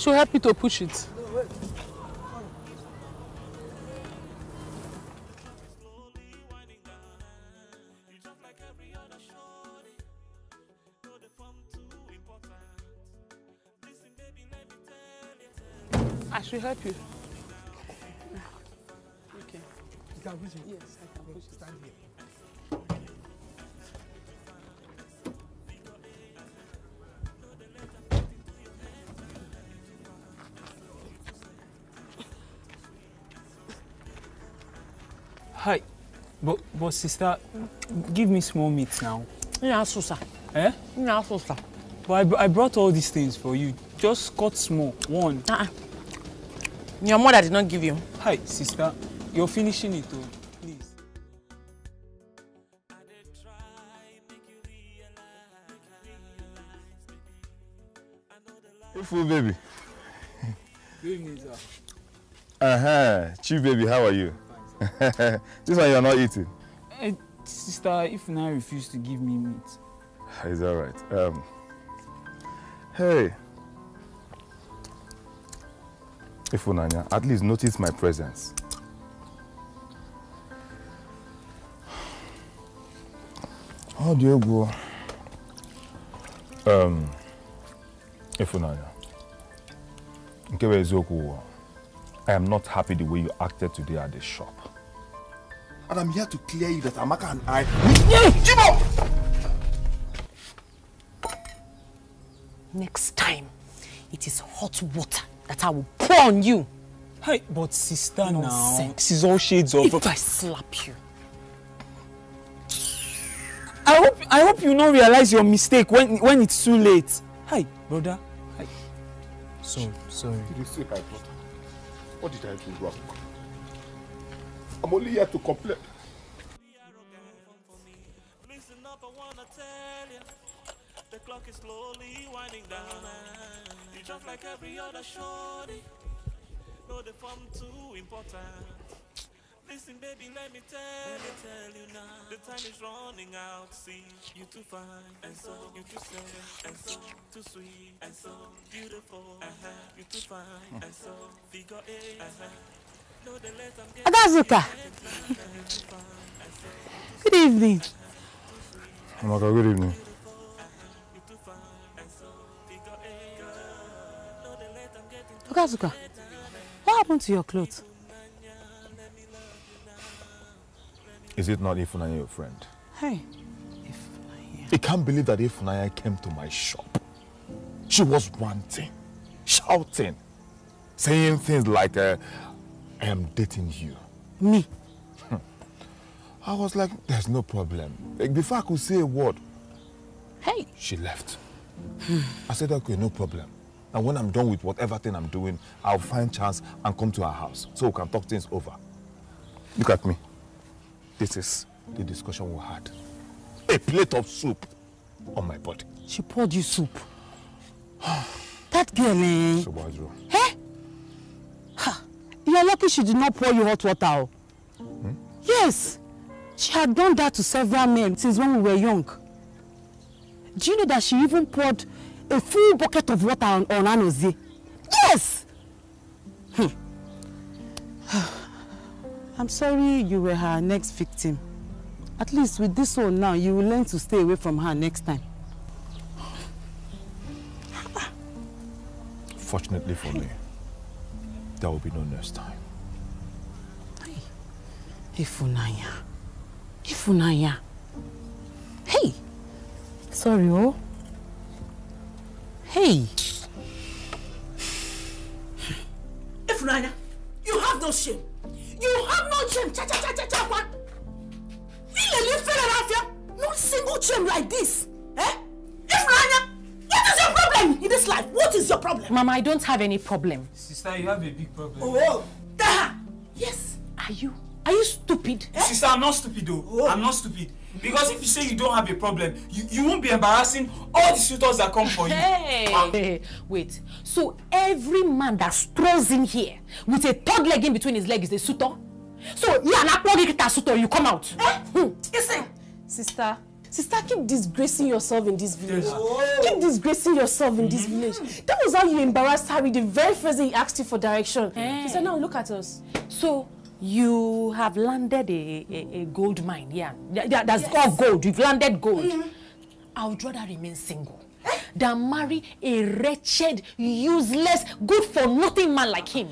should help you to push it. I should help you. sister, give me small meat now. Yeah, Susa. Eh? Yeah, Susa. But I, I brought all these things for you. Just cut small. One. Uh -uh. Your mother did not give you. Hi, sister. You're finishing it, though. Please. Good food, baby. Good evening, sir. Uh-huh. Chief baby, how are you? Fine, this one you're not eating. Sister, if now refuse to give me meat. It's all right. Um, hey. Ifunanya, at least notice my presence. How do you go? Um, Ifunanya, I am not happy the way you acted today at the shop. And I'm here to clear you that Amaka and I... up. Next time, it is hot water that I will pour on you. Hey, but sister Nonsense. now... This is all shades of... If I slap you... I hope, I hope you don't realize your mistake when, when it's too late. Hi, brother. Hi. So, sorry. Did you say hi, brother? What did I do wrong? I'm only here to complain. The clock is slowly winding down. You just like every other shorty. No, the form too important. Listen, baby, let me tell you, tell you now. The time is running out. See, you too fine and so you too sad and so too sweet and so beautiful. Uh -huh. You too fine and so figure eight. Uh -huh. Adazuka. Good evening. Amaka, good evening. Okazuka, what happened to your clothes? Is it not Ifunaya your friend? Hey, Ifunaya. I can't believe that Ifunaya came to my shop. She was ranting, shouting, saying things like, uh, I am dating you. Me? Hmm. I was like, there's no problem. Like, before I could say a word, hey, she left. I said, okay, no problem. And when I'm done with whatever thing I'm doing, I'll find chance and come to our house so we can talk things over. Look at me. This is the discussion we had. A plate of soup on my body. She poured you soup. that girl, eh? Hey? Ha! You are lucky she did not pour you hot water. Hmm? Yes. She had done that to several men since when we were young. Do you know that she even poured a full bucket of water on, on Yes! Hmm. I'm sorry you were her next victim. At least with this one now, you will learn to stay away from her next time. Fortunately for me, there will be no next time. Hey, Ifunanya. Ifunanya. Hey! Sorry, oh. Hey! Ifunanya, you have no shame. You have no shame. Cha cha cha cha cha. What? Really, you feel Not single shame like this. Eh? Ifunanya! What is your problem in this life? What is your problem? Mama, I don't have any problem. Sister, you have a big problem. Oh, oh, Taha! Yes. Are you? Are you stupid? Eh? Sister, I'm not stupid though. Oh. I'm not stupid. Because if you say you don't have a problem, you, you won't be embarrassing all the suitors that come for you. Hey. wait. So every man that strolls in here with a third leg in between his legs is a suitor? So you are not plugging it as suitor, you come out. Eh? Hmm. Listen. Sister, Sister, keep disgracing yourself in this village. Yes. Keep oh. disgracing yourself in this mm-hmm. village. That was how you embarrassed Harry the very first day he asked you for direction. Hey. She eh. said, now look at us. So, you have landed a, a, a gold mine, yeah. That, that's yes. all gold. You've landed gold. Mm -hmm. I would rather remain single eh? than marry a wretched, useless, good-for-nothing man like him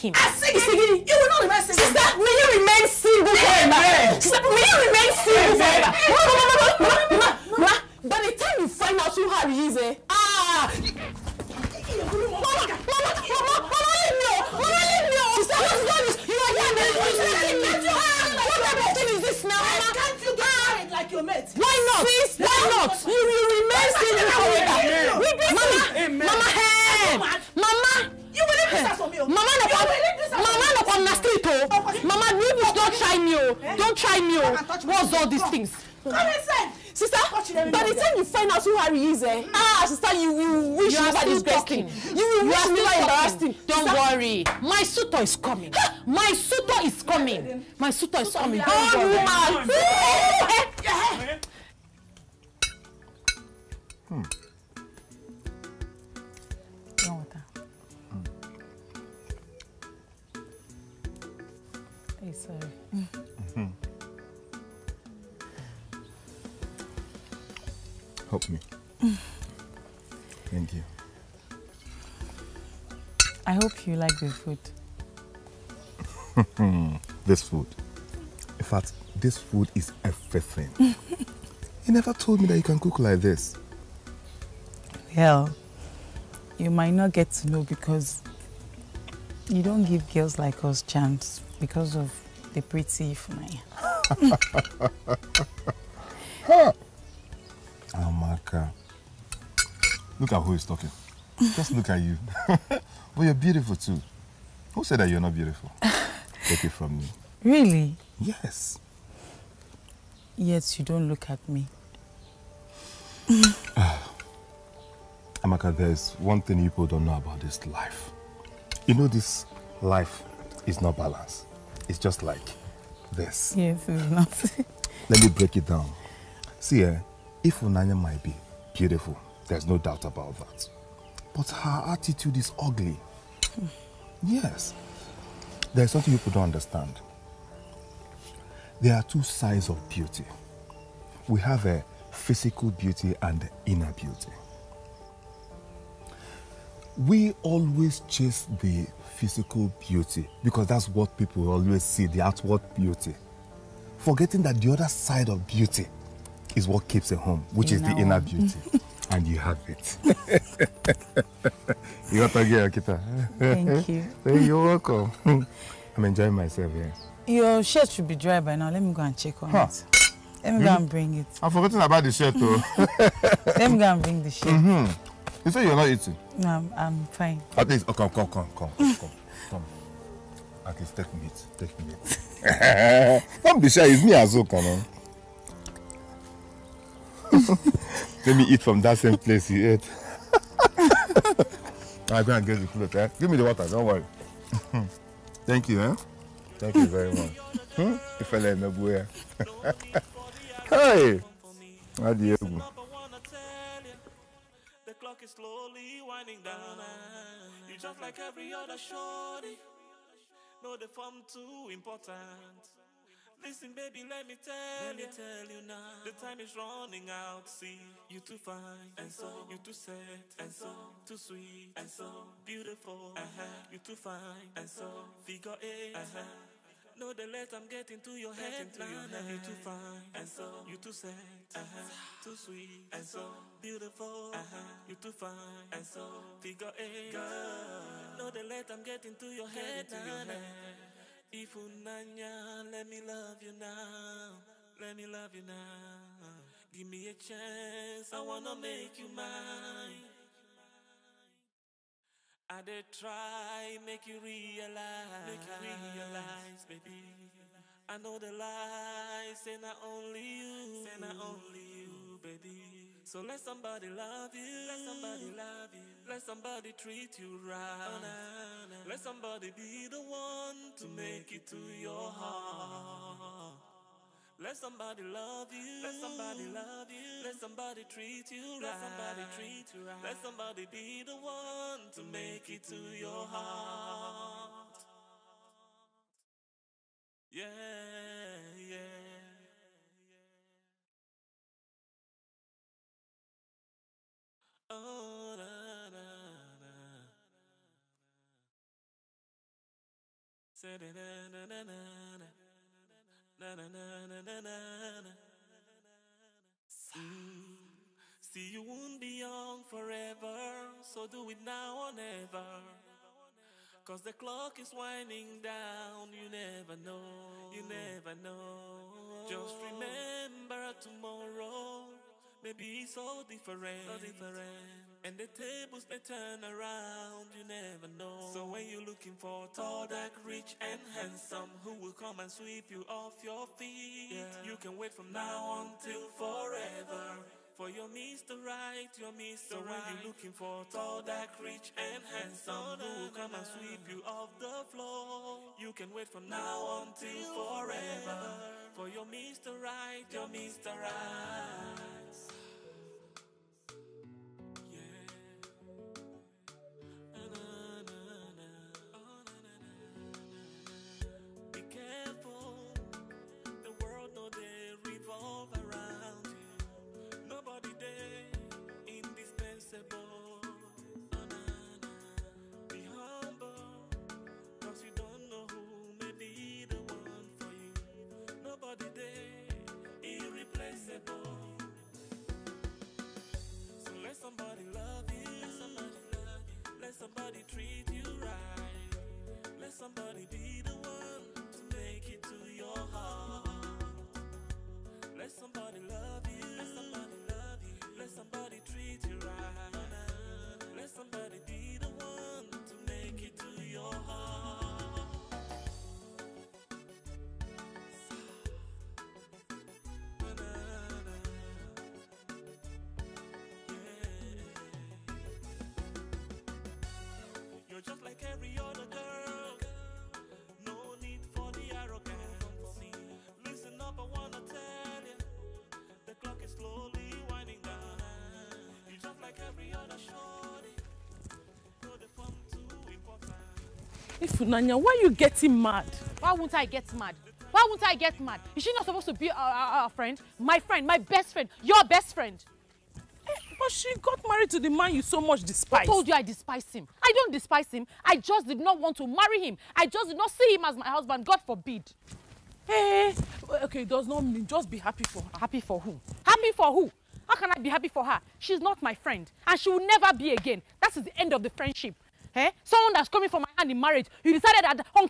him. Asigiri, you will not remain single. Sister, may you remain single forever. Sister, may you remain single forever. No, no, no, no, no, no, By the time you find out who Harry is, eh? Ah! Mama, mama, mama, mama, leave me! Mama, leave me! Sister, what's wrong is you are here? What is this now, Mama? Can't you get ah. married like your mate? Why not? Please, why not? You will remain single forever. Mama, mama, hey! Mama mama no come mama no come na street o oh. oh, mama you don try me o oh. eh? don try me o what's all these things. come inside sister but the time you find out who harry is eh mm. ah sister you will wish you never this best thing you will wish you never embarrassed don't worry my suitor is coming my suitor is coming my suitor is coming don't worry. Hmm. so. Mm-hmm. Help me. Thank you. I hope you like the food. this food. In fact, this food is everything. you never told me that you can cook like this. Well, you might not get to know because you don't give girls like us chance because of the pretty Ifunanya. huh. Amaka, look at who is talking. Just look at you. but you're beautiful too. Who said that you're not beautiful? Take it from me. Really? Yes. Yes, you don't look at me. Amaka, there's one thing people don't know about this life. You know, this life is not balanced it's just like this. Yes, it's not. Let me break it down. See, eh, if Unanya might be beautiful, there's no doubt about that. But her attitude is ugly. Yes. There's something you could not understand. There are two sides of beauty. We have a eh, physical beauty and inner beauty. We always chase the physical beauty because that's what people always see, the outward beauty. Forgetting that the other side of beauty is what keeps a home, which inner is the inner beauty. and you have it. you got to get Akita. Thank you. You're welcome. I'm enjoying myself here. Your shirt should be dry by now. Let me go and check on huh. it. Let me really? go and bring it. I'm forgetting about the shirt though. Let me go and bring the shirt. Mm -hmm. You say you're not eating? No, I'm, I'm fine. At least, oh, come, come, come, come, come, come. At least take meat, take meat. Don't be shy, it's me as well, come Let me eat from that same place you ate. I go and get the clothes, eh? Give me the water, don't worry. Thank you, eh? Thank you very much. Hmm? If I let me go here. Hey! is slowly winding down. You just like every other shorty. No, the form too important. Listen, baby, let me tell let me you. tell you now. The time is running out. See, you too fine, and so you too sad, and so too sweet, and so beautiful. Uh-huh. You too fine, and so figure eight. Uh-huh. No, the less I'm getting to your head. Into your head. You too fine, and so you too sad, uh-huh. too sweet, and so beautiful. Uh-huh. You too fine, and so figure eight. Girl. No, the less I'm getting to your head. Nah, your head. If unanya, let me love you now. Let me love you now. Give me a chance. I wanna make you mine. I did try, make you realize, make you realize, baby. I know the lies, and not only you, and not only you, baby. So let somebody love you, let somebody love you, let somebody treat you right. Oh, nah, nah. Let somebody be the one to make it to your heart. Let somebody love you. Let somebody love you. Let somebody treat you Let somebody treat you right. Let somebody be the one to make it to your heart. Yeah, yeah. Oh, da, da, da. Say, da, da, da, da, da na na na na na na na. See, you won't be young forever, so do it now or never. Cause the clock is winding down, you never know, you never know. Just remember tomorrow, maybe all different, so different. And the tables they turn around, you never know. So when you're looking for tall, dark, rich, and handsome, who will come and sweep you off your feet? Yeah. You can wait from now on till forever. For your Mr. Right, your Mr. So right. when you're looking for tall, dark, rich, and handsome, who will come and sweep you off the floor? You can wait from now until forever. For your Mr. Right, your Mr. Right. somebody treat you right. Let somebody be Ifunanya, why are you getting mad? Why won't I get mad? Why won't I get mad? Is she not supposed to be our, our, our friend? My friend, my best friend, your best friend. Eh, but she got married to the man you so much despise. I told you I despise him? I don't despise him. I just did not want to marry him. I just did not see him as my husband, God forbid. Hey, eh, okay, it does not mean just be happy for her. Happy for who? Happy for who? How can I be happy for her? She's not my friend. And she will never be again. That is the end of the friendship. Eh? Someone that's coming for my hand in marriage, you decided that oh,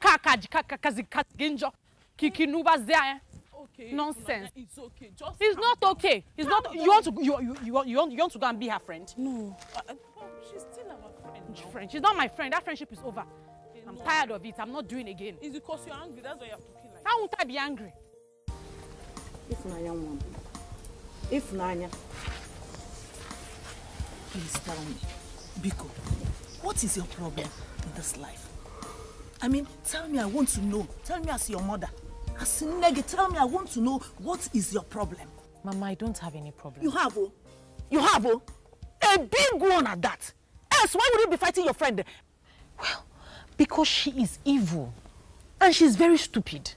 eh? Okay. Nonsense. It's okay. Just it's not down. okay. It's not. You want to you you you want, you want you want to go and be her friend? No. Uh, uh, she's still our friend. Now. Friend. She's not my friend. That friendship is over. Okay, I'm no. tired of it. I'm not doing again. It's because you're angry. That's why you're talking like. How won't I be angry? It's my young one. If Nanya, please tell me, Biko, what is your problem in this life? I mean, tell me I want to know. Tell me as your mother. As Nege, tell me I want to know what is your problem. Mama, I don't have any problem. You have, oh. You have, oh. A big one at that. Else, why would you be fighting your friend? Well, because she is evil. And she's very stupid.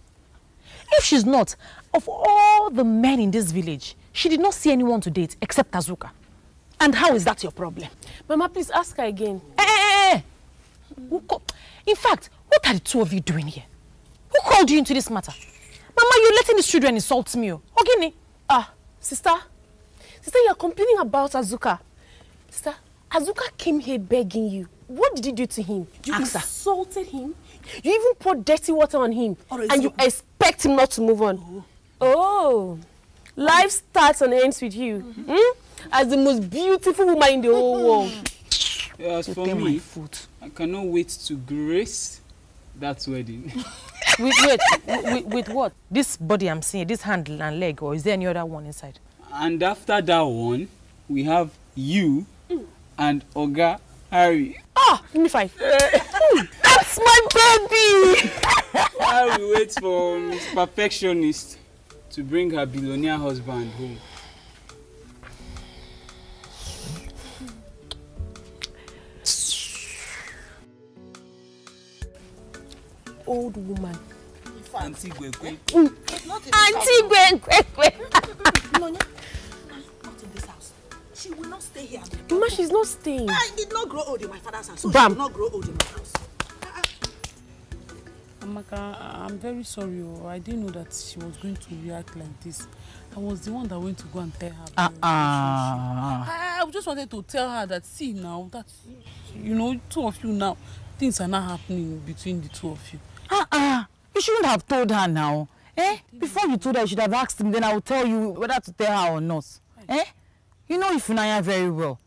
If she's not, of all the men in this village, she did not see anyone to date except Azuka. And how is that your problem? Mama, please ask her again. Eh, eh, eh. eh. In fact, what are the two of you doing here? Who called you into this matter? Mama, you're letting these children insult me. Oh. Ogini. Ah, sister. Sister, you're complaining about Azuka. Sister, Azuka came here begging you. What did you do to him? You Ask insulted her. him. You even poured dirty water on him. and you expect him not to move on. Oh. oh. Life starts and ends with you. Mm -hmm. hmm? As the most beautiful woman in the whole world. As for me, my foot. I cannot wait to grace that wedding. wait, wait, with, with what? This body I'm seeing, this hand and leg, or is there any other one inside? And after that one, we have you mm. and Oga Harry. Ah, give me five. Eh. That's my baby! Harry wait for Miss Perfectionist to bring her billionaire husband home. Old woman. Auntie Gwekwe. Auntie Gwekwe. no, no, not in this house. She will not stay here. Mama, she's not staying. I did not grow old in my father's house, so Bam. she will not grow old in my house. Amaka, I'm very sorry. Oh, I didn't know that she was going to react like this. I was the one that went to go and tell her. Uh, uh. I, I just wanted to tell her that, see now, that, you know, two of you now, things are not happening between the two of you. Uh, uh, you shouldn't have told her now. Eh? Before you told her, you should have asked him, then I will tell you whether to tell her or not. Eh? You know Ifunanya very well.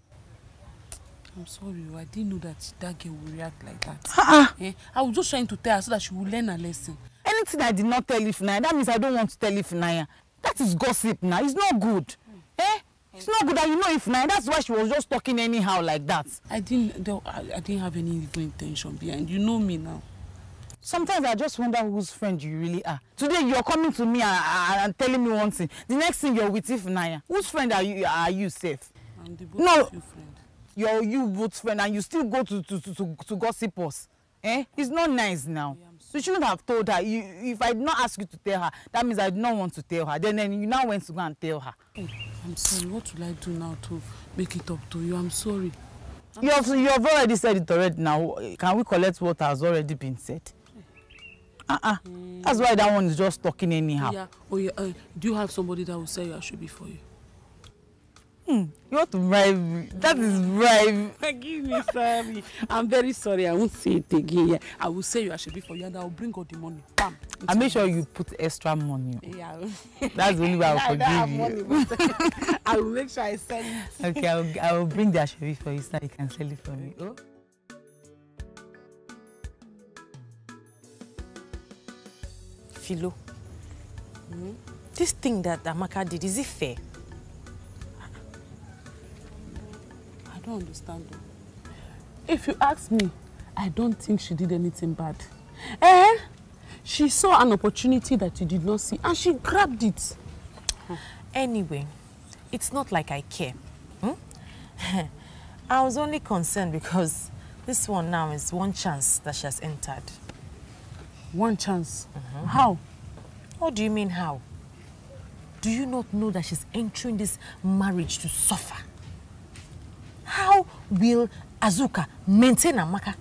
I'm sorry, oh, I didn't know that that girl would react like that. Uh-uh. Eh? I was just trying to tell her so that she would learn a lesson. Anything I did not tell Ifunaya, that means I don't want to tell Ifunaya. That is gossip now. It's not good. Mm. Eh? It's not good that you know Ifunaya. That's why she was just talking anyhow like that. I didn't. I, didn't have any evil intention behind. You know me now. Sometimes I just wonder whose friend you really are. Today you're coming to me and, and telling me one thing. The next thing you're with Ifunaya. Whose friend are you? Are you safe? I'm the both no. of you friend your you both friend and you still go to to to to, gossip us eh it's not nice now you shouldn't have told her you if i did not ask you to tell her that means i did not want to tell her then then you now went to go and tell her. Oh, i'm sorry what will i do now to make it up to you i'm sorry. I'm you have you have already said it already now can we collect what has already been said. Uh-uh. Mm. That's why that one is just talking anyhow. Yeah. Oh, yeah. Uh, do you have somebody that will sell your shoe for you? Hmm, you want to bribe me? That is bribe. Forgive me, sorry. I'm very sorry. I won't say it again. Yeah. I will say you I should for you and I will bring all the money. Bam. I make sure you put extra money. Yeah. That's the only way I will forgive you. Money, I will make sure I send it. Okay, I will, I will bring the ashebi for you so you can sell it for me. Oh? Philo, mm -hmm. this thing that Amaka did, is it fair? don't understand. If you ask me, I don't think she did anything bad. Eh? She saw an opportunity that you did not see and she grabbed it. Anyway, it's not like I care. Hmm? I was only concerned because this one now is one chance that she has entered. One chance? Mm -hmm. How? What do you mean how? Do you not know that she's entering this marriage to suffer? How will Azuka maintain Amaka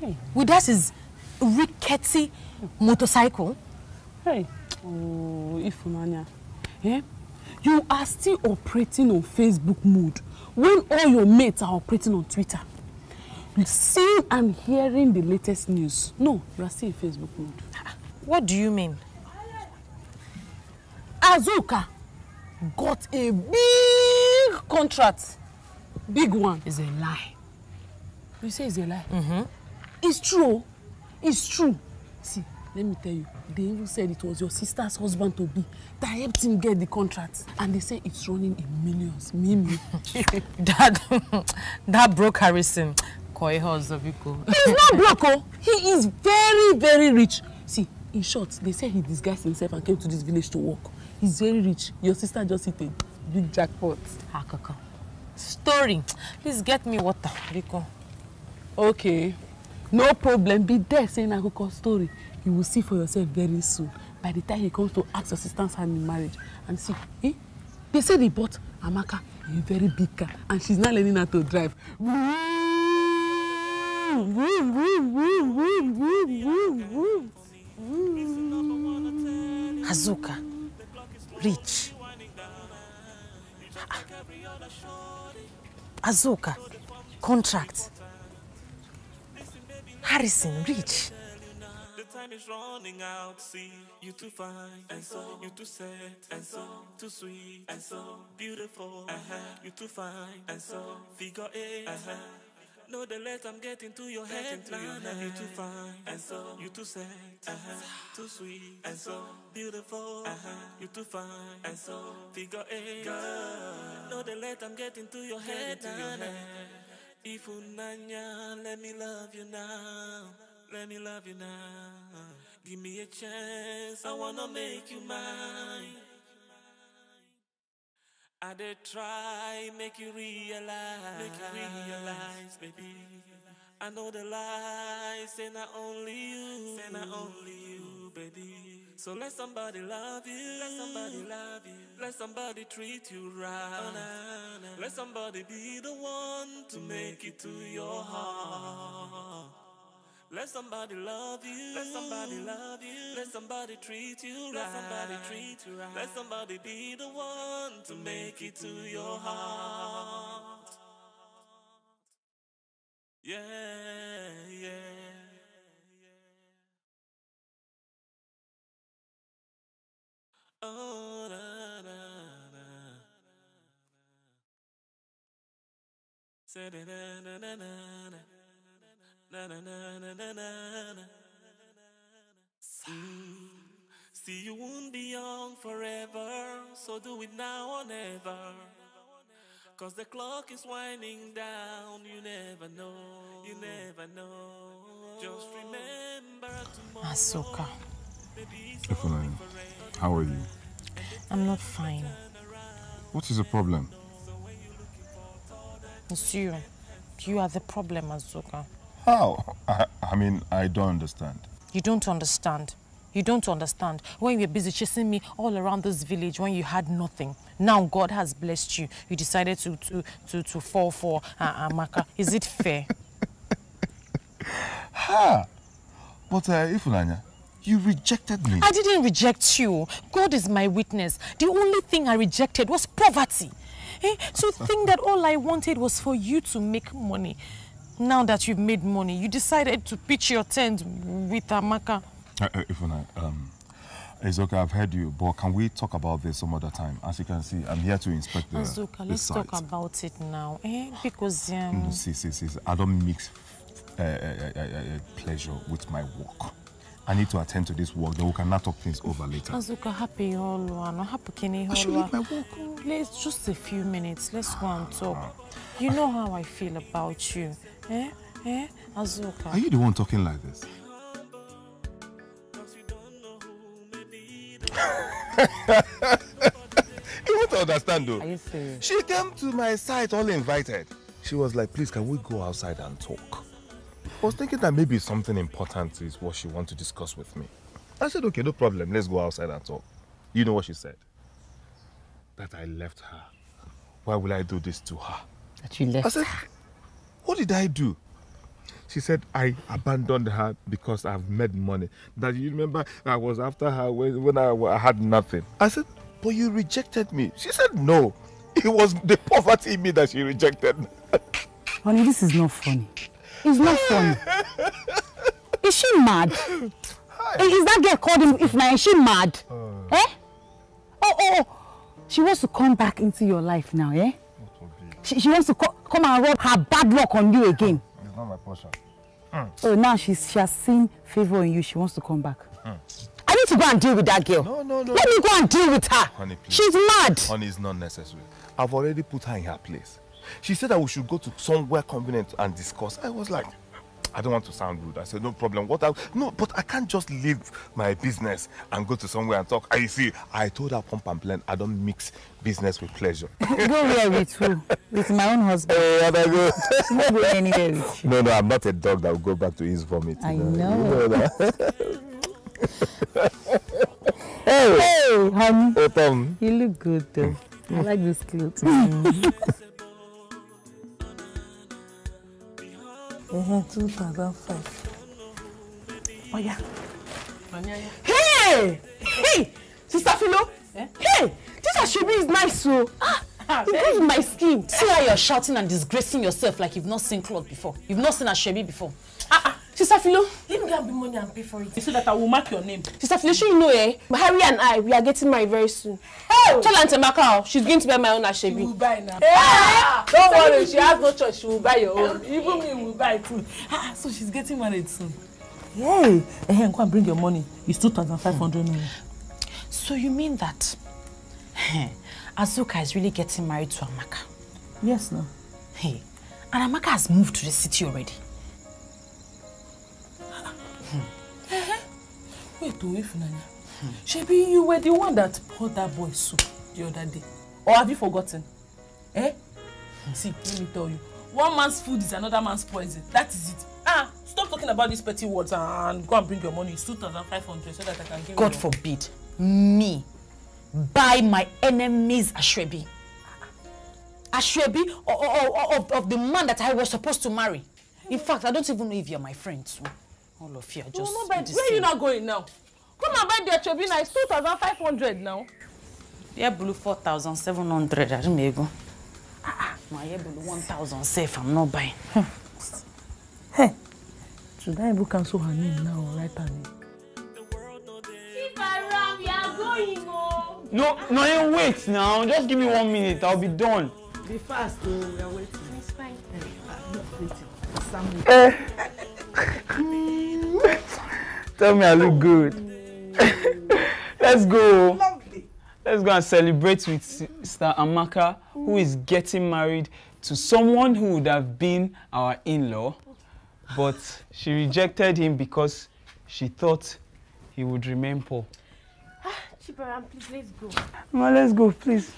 hey. with that his rickety motorcycle? Hey, oh, Ifunanya, eh? you are still operating on Facebook mode when all your mates are operating on Twitter. Seeing and hearing the latest news. No, you are still in Facebook mode. What do you mean? Azuka got a big contract big one. It's a lie. You say it's a lie? Mm-hmm. It's true. Oh. It's true. See, let me tell you, they even said it was your sister's husband to be that helped him get the contract. And they say it's running in millions. Mimi. that, that broke Harrison. Koi Hozobiko. He's not broke, oh. He is very, very rich. See, in short, they say he disguised himself and came to this village to work. He's very rich. Your sister just hit a big jackpot. Akoko. Story. Please get me water, Rico. Okay. No problem. Be there saying I call story. You will see for yourself very soon. By the time he comes to ask your sister's hand in marriage. And see, eh? They said he bought Amaka a very big car. And she's not learning how to drive. Hazuka, rich. Azuka, contract. Harrison, reach. is running out, see you too fine, and so you too sad, and so too sweet, and so beautiful, uh -huh. you too fine, and so figure eight. Uh -huh. No, the less I'm getting to your head, into your nah, too fine, and so you too sexy, uh-huh. too sweet, and so beautiful, uh-huh. you too fine, and so figure eight. Girl. No, the less I'm getting to your head, get you nah, your head. If unanya, let me love you now. Let me love you now. Give me a chance. I wanna make you mine. I did try make you realize, make you realize, baby. I know the lies, and I only you, say not only you, baby. So let somebody love you, let somebody love you, let somebody treat you right. Oh, nah, nah. Let somebody be the one to make it to your heart. Let somebody love you. Let somebody love you. Let somebody treat you right. Let somebody treat you right. Let somebody be the one to make it to your heart. Yeah, yeah. Oh, na na na. Say, da, na na na na na na na na na na na. See, you won't be young forever, so do it now or never. Cause the clock is winding down, you never know, you never know. Just remember tomorrow. Asuka. how are you? I'm not fine. What is the problem? It's you. You are the problem, Azuka. How? Oh, I, I mean, I don't understand. You don't understand. You don't understand. When you were busy chasing me all around this village when you had nothing, now God has blessed you. You decided to, to, to, to fall for uh, uh Amaka. Is it fair? ha! But uh, Ifunanya, you rejected me. I didn't reject you. God is my witness. The only thing I rejected was poverty. Eh? To think that all I wanted was for you to make money. Now that you've made money, you decided to pitch your tent with Amaka. Uh, uh, Ifuna, um, it's okay, I've heard you, but can we talk about this some other time? As you can see, I'm here to inspect the Azuka, let's site. talk about it now, eh? Because, um... No, see, see, see, I don't mix uh uh, uh, uh, uh, pleasure with my work. I need to attend to this work, then we cannot talk things over later. Azuka, happy one, happy Kenny Holwa. I should leave my work. Let's, just a few minutes, let's go and talk. Ah, ah. You know how I feel about you. Eh? Eh? Azuka. Are you the one talking like this? you want not understand though. Are you serious? She came to my site all invited. She was like, please, can we go outside and talk? I was thinking that maybe something important is what she wants to discuss with me. I said, okay, no problem. Let's go outside and talk. You know what she said? That I left her. Why will I do this to her? That you left I said, her? What did I do? She said, I abandoned her because I've made money. That you remember I was after her when, when I, I had nothing. I said, but you rejected me. She said, no. It was the poverty in me that she rejected Honey, this is not funny. It's not funny. is she mad? Hi. Is that girl called him if now? Is she mad? Uh, eh? Oh, oh, oh. She wants to come back into your life now, eh? She, she wants to come. come and rub her bad luck on you again. It's not my portion. Mm. Oh, now she's, she has seen favor in you. She wants to come back. Mm. I need to go and deal with that girl. No, no, no. Let me go and deal with her. Honey, please. She's mad. Honey, it's not necessary. I've already put her in her place. She said that we should go to somewhere convenient and discuss. I was like, I don't want to sound rude. I said, no problem. What I, no, but I can't just leave my business and go to somewhere and talk. I see, I told her pump and plan, I don't mix business with pleasure. go where with who? With my own husband. Eh, hey, go. no go anywhere with you. No, no, I'm not a dog that will go back to his vomit. I you know. know. You know that. hey. Hey, honey. Oh, Tom. You look good though. I like this clothes. ẹ̀hẹ́n two thousand five. ọ̀yà. hey hey sister Philo eh? hey this asobi is nice o. Oh. Ah. Because ah, eh? my skin. See how you're shouting and disgracing yourself like you've not seen cloth before. You've not seen Ashemi before. Ah, ah. Sister Philo, me and be money and pay for it. So that I will mark your name. Sister Felicia, you know, eh? Harry and I, we are getting married very soon. Hey! Tell Aunt Amaka, oh, she's going to buy my own ashebi. She will buy now. Yeah! Ah! don't worry, she has no choice. She will buy your own. Even me will buy too. Ah, so she's getting married soon. Yay! Eh, hey, eh, go and bring your money. It's 2,500 hmm. So you mean that eh, Azuka is really getting married to Amaka? Yes, no. Hey, and Amaka has moved to the city already. Wait, wait, Ifunanya. Hmm. Shebi, you were the one that poured that boy soup the other day. Or have you forgotten? Eh? Hmm. See, let me tell you. One man's food is another man's poison. That is it. Ah, stop talking about these petty words and go and bring your money. It's 2,500 so that I can give you. God forbid me buy my enemy's ashrebi. Ashrebi or of, of the man that I was supposed to marry. In fact, I don't even know if you're my friend So. All of you are just. Mama, but where are you not going now? Come and buy the tribuna. It's two thousand five hundred now. Yeah, blue hundred. I didn't go. Ah, ah. My yeah, blue thousand safe. I'm not buying. Hey, should I even cancel her name now Right now. Oh. No, no, you wait now. Just give me one minute. I'll be done. Be fast, oh. We are waiting. It's fine. Uh, I'm not waiting. Sam. Tell me I look good. Let's go. Let's go and celebrate with Sister Amaka, who is getting married to someone who would have been our in-law, but she rejected him because she thought he would remain poor. Ah, Chibaram, please, let's go. Mama, let's go, please.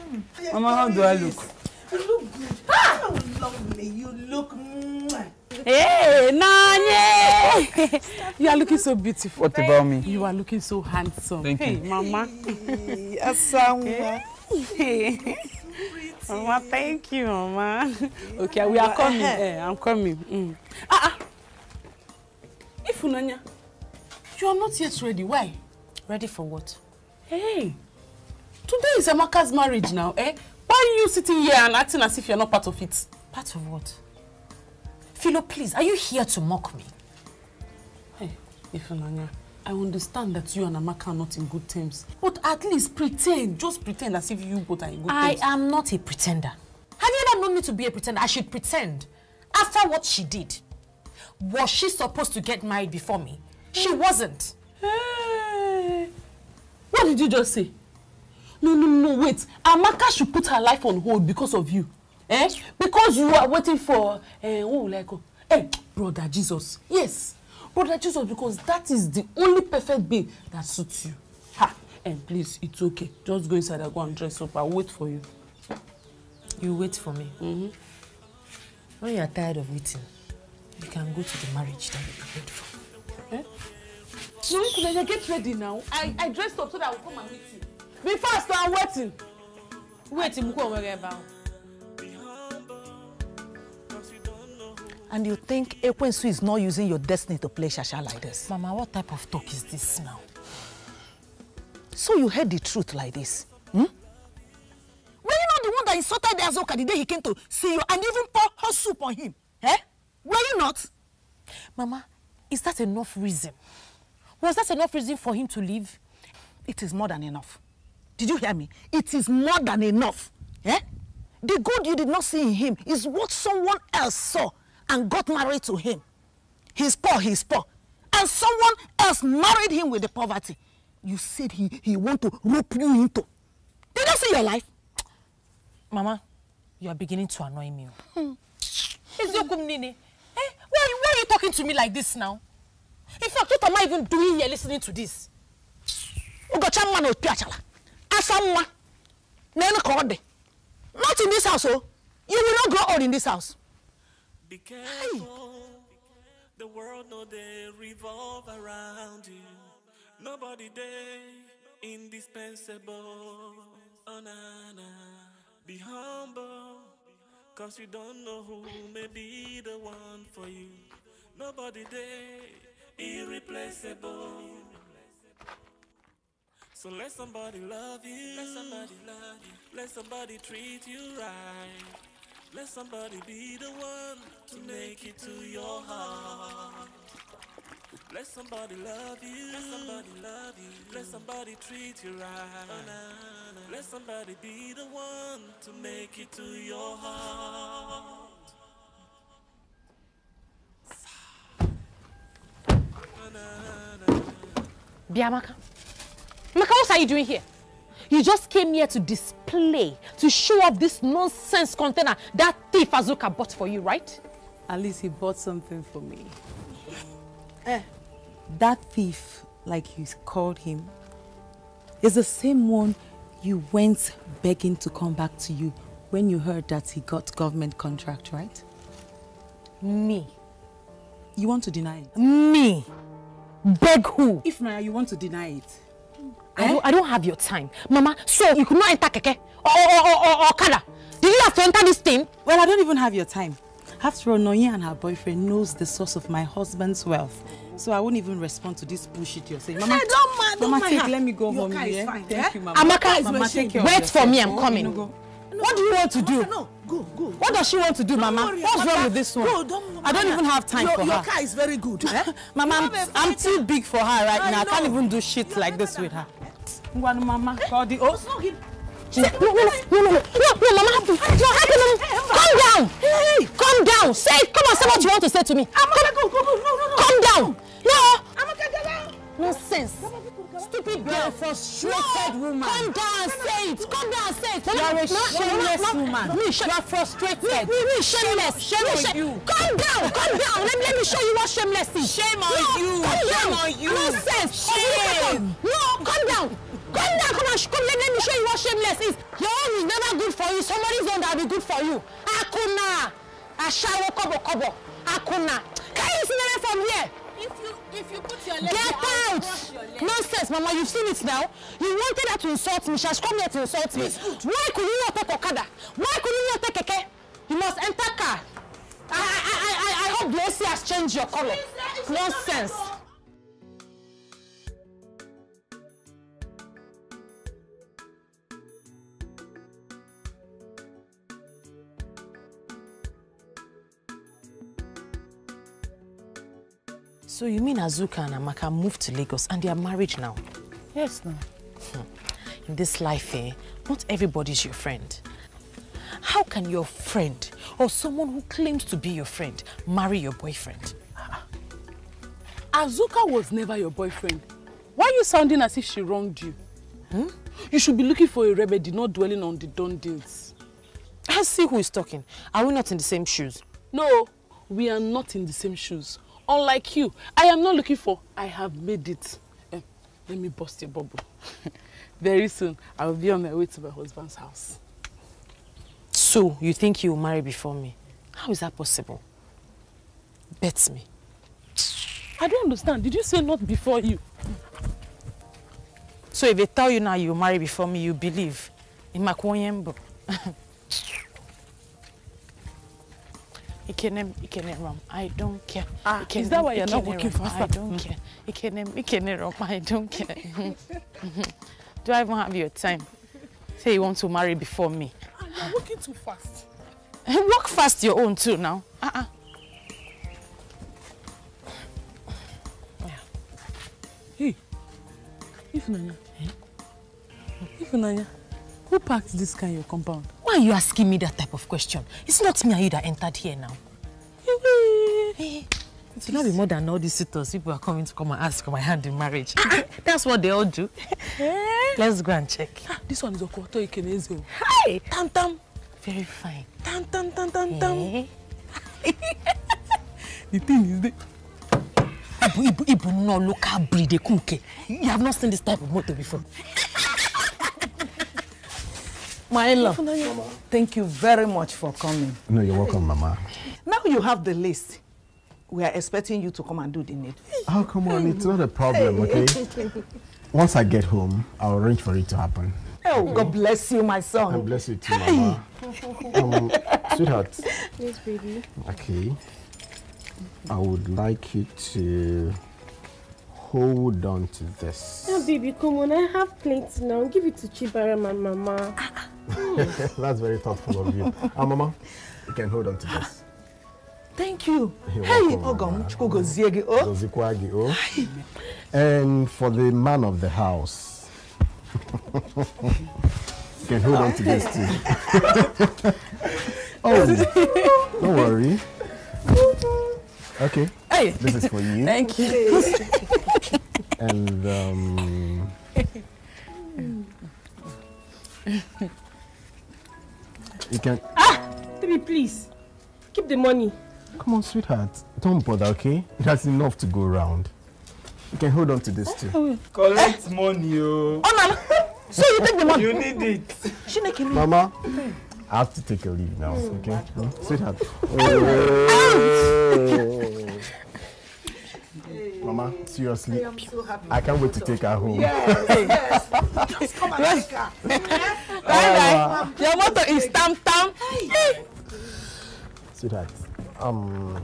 Mama, how do I look? You look good. Ah! You look me. You look. Mwah. Hey, Nanye! you are looking so beautiful. What about me? You are looking so handsome. Thank hey, you. Mama. Asawa. Hey. Mama, thank you, Mama. Okay, we are coming. Hey, eh, eh. eh, I'm coming. Mm. Ah, ah. Ifunanya, you are not yet ready. Why? Ready for what? Hey, today is Amaka's marriage now, eh? Why are you sitting here and acting as if you're not part of it? Part of what? Philo, please, are you here to mock me? Hey, Ifunanya, I understand that you and Amaka are not in good terms. But at least pretend, just pretend as if you both are in good terms. I am not a pretender. Have you ever known me to be a pretender? I should pretend. After what she did, was she supposed to get married before me? She wasn't. Hey. What did you just say? No, no, no, wait. Amaka should put her life on hold because of you eh? because you are waiting for eh, who will I go eh, brother Jesus yes brother Jesus because that is the only perfect babe that suits you ha and eh, please it's okay just go inside and go and dress up I'll wait for you. You wait for me. Mm-hmm. When you are tired of waiting, you can go to the marriage that you prepared for. Eh? No, I get ready now. I, I dressed up so that I will come and meet you. Be fast, I'm waiting. Wait, Muko, wherever. and you think Ekwensu is not using your destiny to play shasha like this. Mama, what type of talk is this now? So you heard the truth like this? Hmm? Were you not the one that insulted Azoka the day he came to see you and even pour hot soup on him? Eh? Were you not? Mama, is that enough reason? Was that enough reason for him to leave? It is more than enough. Did you hear me? It is more than enough. Eh? The good you did not see in him is what someone else saw and got married to him. He's poor, he's poor. And someone else married him with the poverty. You said he, he want to rope you into. Did you see your life? Mama, you are beginning to annoy me. Hmm. Is It's Yokum Nini. Eh? Why, why are you talking to me like this now? In fact, what am I even doing here listening to this? man no piachala. Asamma. Nene kode. Not in this house, oh. You will not grow old in this house. Be careful. The world know they revolve around you. Nobody they indispensable. Oh na na. Be humble. Cause you don't know who may be the one for you. Nobody they irreplaceable. So let somebody love you. Let somebody love you. Let somebody treat you right. Let somebody be the one to make it to your heart. Let somebody love you. Let somebody love you. Let somebody treat you right. Oh, Let somebody be the one to make it to your heart. Oh, Biamaka, Maka, what are you doing here? You just came here to display, to show off this nonsense container that thief Azuka bought for you, right? At least he bought something for me. Eh. That thief, like you called him, is the same one you went begging to come back to you when you heard that he got government contract, right? Me. You want to deny it? Me? Beg who? If Naya, you want to deny it, I, eh? don't, I don't have your time. Mama, so you could not enter keke or, or, or, or, or kada. Did you have to enter this thing? Well, I don't even have your time. After all, Noye and her boyfriend knows the source of my husband's wealth. So I won't even respond to this bullshit you're saying. Mama, hey, don't, ma, don't Mama, take, let me go your home. Car is fine, Thank you, Mama. Amaka, Mama, take care wait of for me, I'm oh, You know, what do you want to do? No, go, go. What does she want to do, don't Mama? Worry, What's Mama, wrong with this one? Go, don't, I don't even have time your, for your her. Your car is very good. Eh? eh? Mama, I'm, I'm too big for her right I now. Know. I can't even do shit You're like this with her. Ngwanu, Mama, eh? call the oh. No, no, no, no, no, Mama, happy, no, happy, Mama. Calm down. Hey. Calm down. Say, come on, say what you want to say to me. Amaka, go, go, go, no, no, no. Calm down. No. Amaka, go down. Nonsense. Stupid girl, frustrated no, woman. Come down and say it. Come down and say it. You are a shameless woman. You are frustrated. Me, me, shameless. Shame on you. Come down, come down. Let, let me show you what shameless is. Shame on no, you. Shame on you. Nonsense. Oh, shame. No, come down. Come down, come on, come, let, let me show you what shameless is. Your own is never good for you. Somebody's own that'll be good for you. Akuna. Ashawo kobo kobo. Akuna. Can you see that from here? If you put your leg Get there, out! Nonsense, Mama, you've seen it now. You wanted her to insult me. She has come here to insult me. Why could you not take Okada? Why could you not take Keke? You must enter car. I, I, I, I hope Blessy has changed your color. Nonsense. So you mean Azuka and Amaka moved to Lagos and they are married now? Yes, no. Hmm. In this life, eh, not everybody is your friend. How can your friend or someone who claims to be your friend marry your boyfriend? Azuka was never your boyfriend. Why are you sounding as if she wronged you? Hmm? You should be looking for a remedy, not dwelling on the done deals. I see who is talking. Are we not in the same shoes? No, we are not in the same shoes. unlike you i am not looking for i have made it um, let me burst your bubble very soon i will be on my way to my husband's house. so you think you will marry before me how is that possible bet me. i don't understand did you say not before you. so if they tell you now you marry before me you believe In imakunyembo. Ikenem, Ikenerom, I don't care. Ah, Ikenem, is that why you're not working faster? I don't care. Ikenem, Ikenerom, I don't care. Do I even have your time? Say you want to marry before me. Ah, you're working too fast. Work fast your own too now. Uh-uh. Yeah. Ah. Hey, Ifunanya. Hey? Ifunanya. Who parked this car in your compound? Why are you asking me that type of question? It's not me and you that entered here now. Eh, it will not be more than all these suitors people are coming to come and ask for my hand in marriage. Ah, ah. That's what they all do. Eh? Let's go and check. Ah, this one is Okoto Ikenezo. Hi! Tam tam! Very fine. Tam tam tam tam tam. Eh? the thing is that Ibu, Ibu, Ibu, no local breed, they cook. You have not seen this type of motor before. My love, thank you very much for coming. No, you're welcome, Mama. Now you have the list. We are expecting you to come and do the need. Oh, come on. It's not a problem, okay? Once I get home, I'll arrange for it to happen. Oh, God bless you, my son. God bless you too, hey. Mama. um, sweetheart. Yes, baby. Okay. I would like you to... Hold on to this. Yeah, baby, come on. I have plenty now. Give it to Chibara and Mama. That's very thoughtful of you. Ah, Mama, you can hold on to this. Thank you. You're hey, Ogom, oh. oh. And for the man of the house. you can hold on to this too. oh, don't worry. Okay. Hey. This is for you. Thank you. and um, you can. Ah, baby, please keep the money. Come on, sweetheart. Don't bother, okay? it has enough to go around. You can hold on to this too. Collect money, oh. Oh, no. So you take the money. You need it. She make Mama. I have to take a leave now. Mm, okay, mm, mm sweetheart. Mama, seriously, I, so I can't wait to take her home. Yes, yes. Just come and take her. Your motto is tam tam. Sweetheart, um.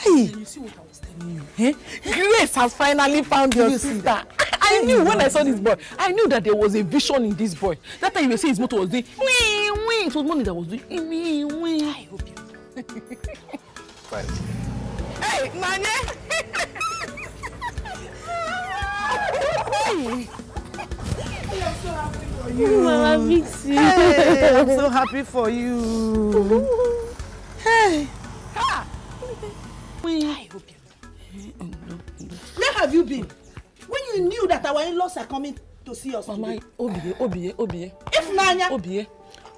hey. You see what I was telling you? Eh? Grace has finally found your sister. I knew when I saw this boy, I knew that there was a vision in this boy. That time you were his motor was doing wee wee. It was money that was doing wee wee. I hope you. Quiet. Hey, Mane! you. Mama Hey, I'm so happy for you. hey. Ha! Where have you been? Where have you been? when you knew that our in-laws are coming to see us Mama, today? Obie, Obie, If Nanya, Obie.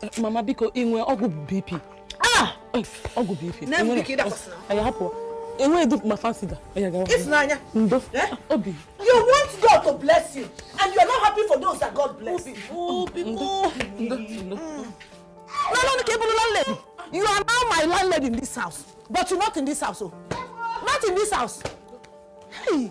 Uh, Mama biko inwe ọgwụ BP. Ah! Eh, ọgwụ BP. Na mbiki dakwasịna. Anyị hapụ. Enwe edu ma fasida. Ifunanya. Ndo. Eh? Ah, Obi. You want God to bless you and you are not happy for those that God bless. Obi. Obi. Ndo. Ndo. Ndo. Lọ́lọ́ni kì í bolo landlady. You are now my landlady in this house but you are not in this house Oh. Not in this house. Hey.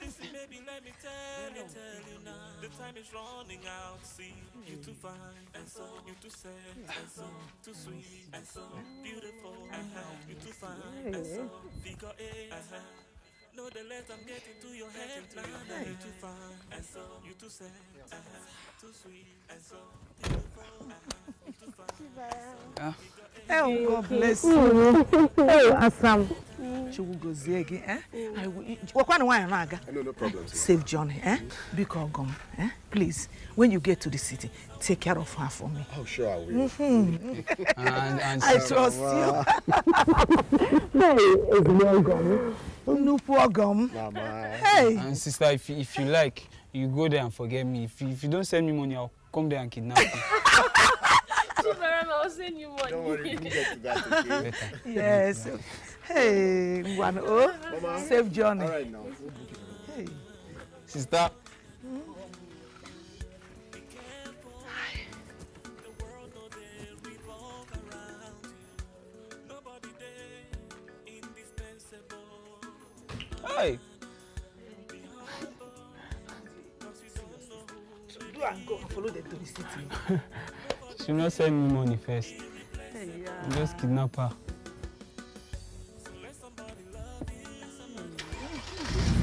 Listen, baby, let me tell you, tell you now. The time is running out. See, you too fine and so you too sad and so too sweet and so beautiful. Uh-huh. You too fine and so figure uh Uh-huh. the less I'm getting to your head now. You too fine and so you too sad, uh-huh. too sweet and so beautiful. Uh-huh. Oh, God bless you. Oh, Assam. She will go there again. Eh? Mm. I will. What kind of No, no Save Johnny. Eh? Mm. Be called Eh? Please, when you get to the city, take care of her for me. Oh, sure I will. Mm -hmm. and, and I trust wow. you. no, it's no gum. No poor gum. Mama. Hey. And sister, if if you like, you go there and forget me. If if you don't send me money, I'll come there and kidnap you. time I will send you money. Don't worry, we'll get to that. Okay? yes. Hey, one oh, Mama, safe journey. All right now. Hey, sister. Hey. Do and go follow them to the city. She will not send me money first. Yeah. Just kidnap her.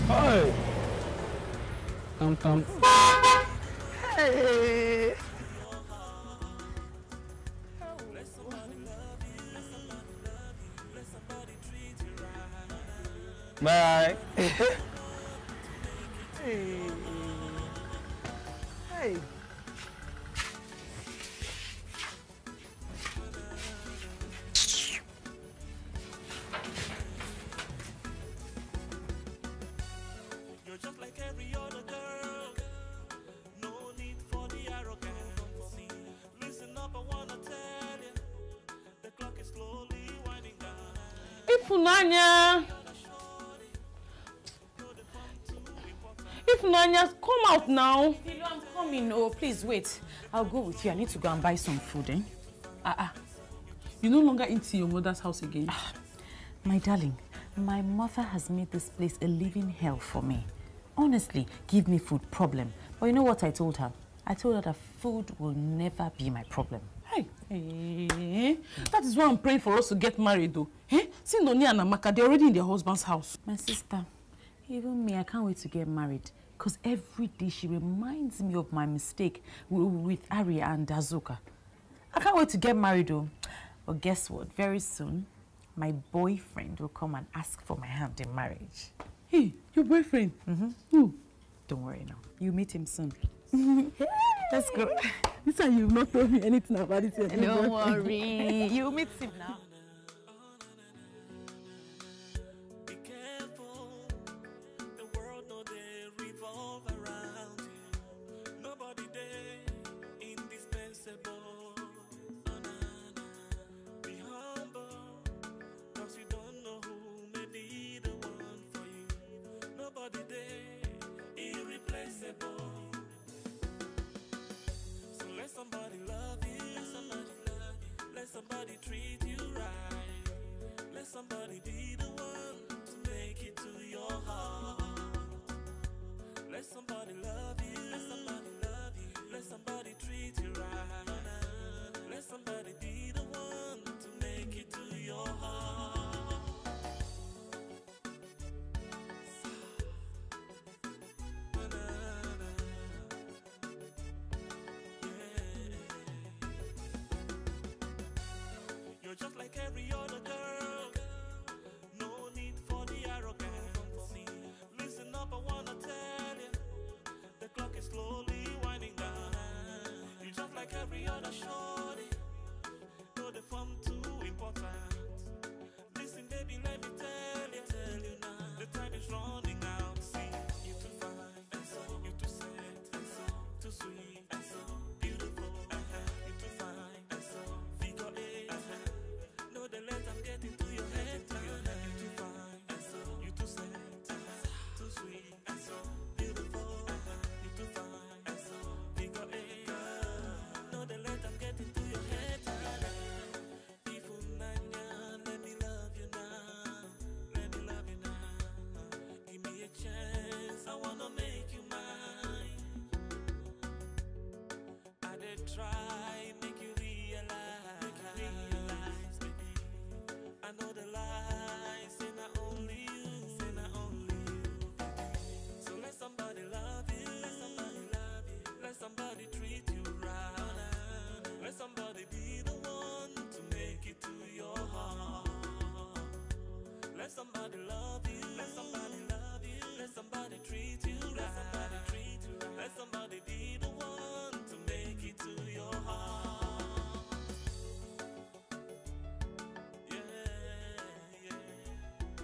Hey! Come, come. Hey! Bye. hey. Hey. if Nanya's come out now. I'm coming. Oh, please wait. I'll go with you. I need to go and buy some food, eh? Ah, uh ah. -uh. You're no longer into your mother's house again. Ah, my darling, my mother has made this place a living hell for me. Honestly, give me food, problem. But you know what I told her? I told her that food will never be my problem. Hey, hey. that is why I'm praying for us to get married, though. Eh? See Noni and Amaka, they're already in their husband's house. My sister, even me, I can't wait to get married. Because every day she reminds me of my mistake with Ari and Azuka. I can't wait to get married though. But guess what? Very soon, my boyfriend will come and ask for my hand in marriage. Hey, your boyfriend? Mm-hmm. Who? Don't worry now. You'll meet him soon. Let's go. This time you've not told me anything about it. Don't worry. You'll meet him now.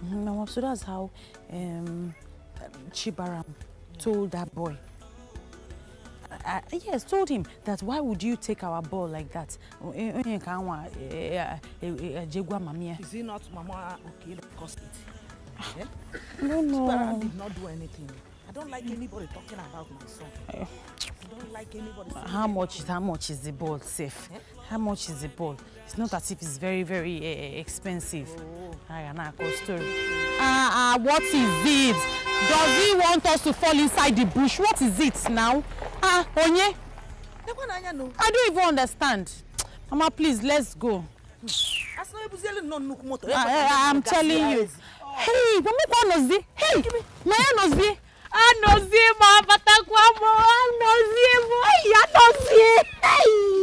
Mm-hmm. So that's how um, Chibaram told that boy. I, yes, told him that why would you take our ball like that? Is he not Mama okay because it? Yeah? No, no. Chibaram did not do anything. I don't like anybody talking about my son. I don't like anybody. How much is how much is the ball safe? Eh? How much is the ball? It's not as if it's very, very uh, expensive. Oh. Ayanako story. Ah, ah, what is it? Does he want us to fall inside the bush? What is it now? Ah, Onye? I don't even understand. Mama, please, let's go. I, ah, eh, I'm telling you. Hey, Mama, Nozie. Hey, Maya Nozie. Ah, Nozie, Mama, Batakwa, Mama, Nozie, Maya Nozie. Hey.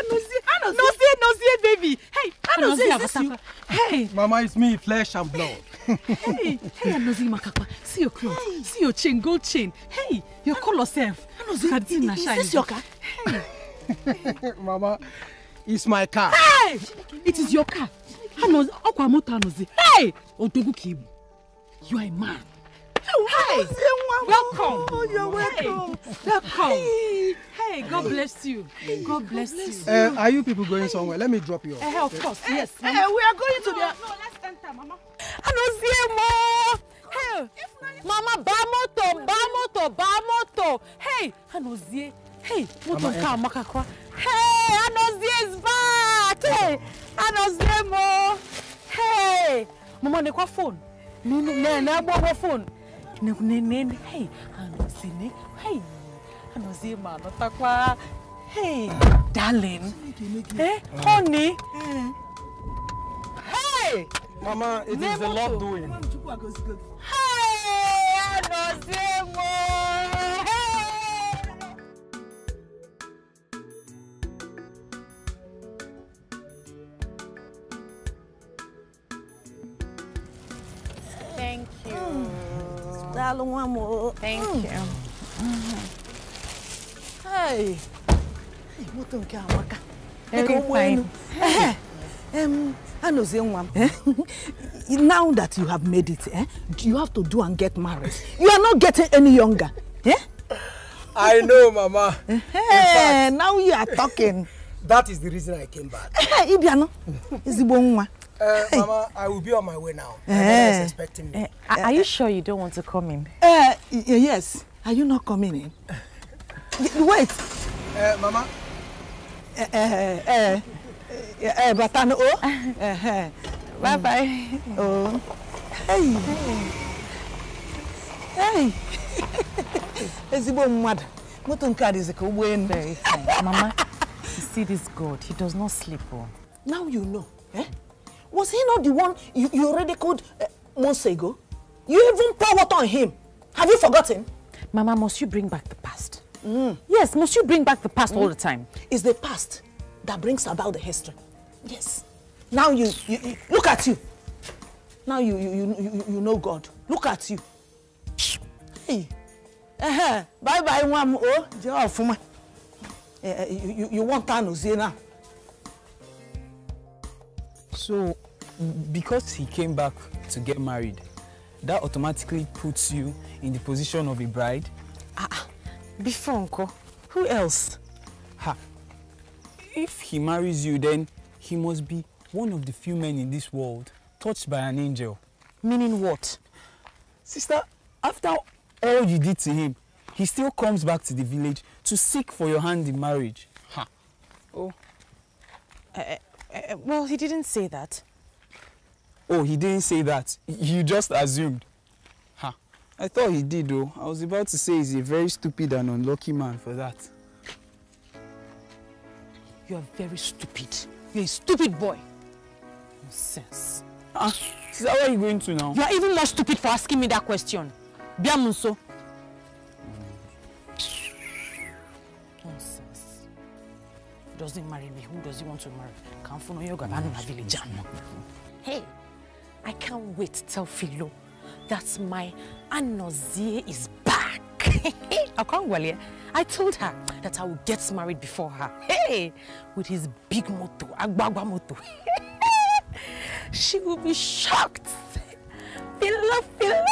Anozie, Anozie, Anozie, baby. Hey, Anozie, is this you? Hey. Mama, it's me, flesh and blood. hey, hey, Anozie makapa. see your clothes. hey. see your chain, gold chain. Hey, your colour self. Anozie, Kadina, is this your car? Hey. Mama, it's my car. Hey, it is your car. Anozie, ọkwa moto Anozie. Hey, Odogu you are a man. Hi, welcome. Oh, you're welcome. Hey, welcome. Hey, hey God bless you. Hey, God bless you. Uh, are you people going somewhere? Let me drop you off. Uh, of course, yes. Uh, we are going to the. No, let's enter, Mama. I don't Hey, mama Bamoto, Bamoto, Bamoto. hey Anozie hey mọ́tò nka makakwa. hey Anozie is back hey Anozie mo hey mama ne kwa phone nínú ne na gbogbo phone nekunenene darling Hey, eh, honey hey mama it is a lot doing hey anozimo. Thank you. Mm da um amor. Thank mm. you. Ai, ai, botão que arma cá. É Eh, um, I know eh? Now that you have made it, eh, you have to do and get married. You are not getting any younger. Eh? I know, Mama. Eh, hey, fact, now you are talking. that is the reason I came back. Eh, Ibiano, mm. Uh, Mama, I will be on my way now. Uh, eh. is expecting me. Uh, are you sure you don't want to come in? Uh, yes. Are you not coming in? Wait. Uh, Mama. eh, eh. Eh, but I know. Bye bye. Oh. Hey. Hey. Is mmadụ. Moto nke a dịzị ka Very fine. Mama, you see this God, he does not sleep. well. Oh. Now you know. Eh? Was he not the one you, you ridiculed uh, eh, months ago? You even pour water on him. Have you forgotten? Mama, must you bring back the past? Mm. Yes, must you bring back the past mm. all the time? It's the past that brings about the history. Yes. Now you, you, you look at you. Now you, you, you, you know God. Look at you. Hey. Uh -huh. Bye bye, Wam. Oh, Joe, eh, eh, you, you, you want Thanos now. So, because he came back to get married, that automatically puts you in the position of a bride. Ah, ah, before uncle, who else? Ha. If he marries you, then he must be one of the few men in this world touched by an angel. Meaning what? Sister, after all you did to him, he still comes back to the village to seek for your hand in marriage. Ha. Oh. Uh, uh, well, he didn't say that. Oh, he didn't say that. You just assumed. Huh. I thought he did, though. I was about to say he's a very stupid and unlucky man for that. You are very stupid. You're a stupid boy. Nonsense. Ah, is that you're going to now? You are even more stupid for asking me that question. Biamunso. doesn't marry me, who does he want to marry? Kamfuno Yoga Banana mm. Village. Hey, I can't wait to tell Philo that my Anozie is back. Akwangwalia, I told her that I would get married before her. Hey, with his big moto, Agbagwa moto. she will be shocked. Philo, Philo.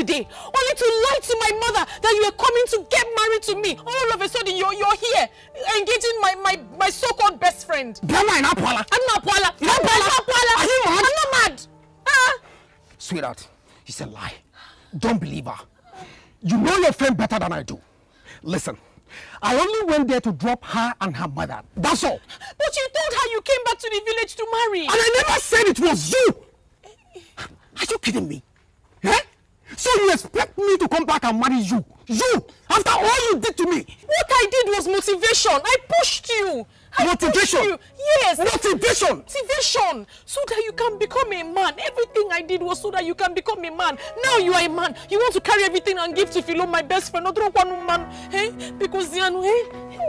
yesterday, only to lie to my mother that you were coming to get married to me. All of a sudden, you're, you're here, engaging my, my, my so-called best friend. Grandma in Paula. I'm not Paula. You're not Paula. I'm Apala. Are you mad? I'm not mad. Ah. Sweetheart, it's a lie. Don't believe her. You know your friend better than I do. Listen, I only went there to drop her and her mother. That's all. But you told her you came back to the village to marry. And I never said it was you. Eh, eh. Are you kidding me? Huh? Eh? So you expect me to come back and marry you? You! After all you did to me! What I did was motivation. I pushed you. I motivation? You. Yes. Motivation? Motivation. So that you can become a man. Everything I did was so that you can become a man. Now you are a man. You want to carry everything and give to Philo, my best friend. Not one woman. Eh? Because Zianu, eh?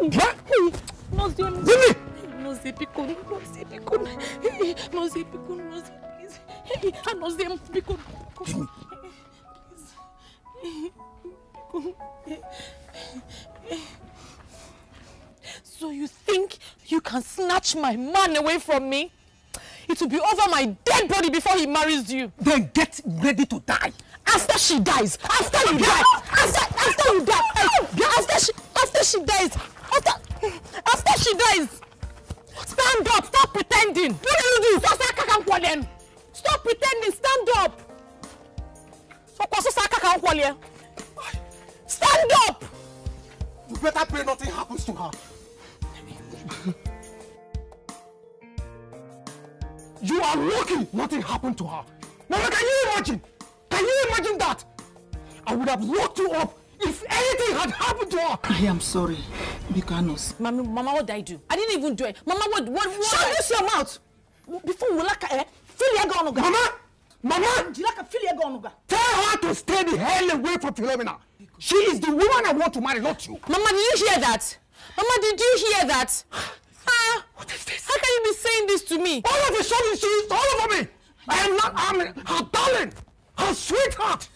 What? Hey. No, Zianu. Zimi! No, Zipikun. No, Zipikun. No, Zipikun. No, Zipikun. Please. Hey, I know Zipikun. Zimi. So you think you can snatch my man away from me? It will be over my dead body before he marries you. Then get ready to die. After she dies. After you die. After, after you die. After she, after she dies. After, after she dies. Stand up. Stop pretending. What do you do? Stop pretending. Stand up. Okwa so sa kaka nkwole. Stand up. You better pray nothing happens to her. you are lucky nothing happened to her. Now can you imagine? Can you imagine that? I would have locked you up if anything had happened to her. I am sorry, Bikanos. Mama, Mama, what did I do? I didn't even do it. Mama, what? what, Shut this your mouth! Before Wulaka, eh? Fill your gun, Mama! Mama! Tell her to stay the hell away from Philomena. She is the woman I want to marry, not you. Mama, did you hear that? Mama, did you hear that? Huh? Ah! what is this? How can you be saying this to me? All of a sudden, she is all over me. I am not, I'm her darling, her sweetheart.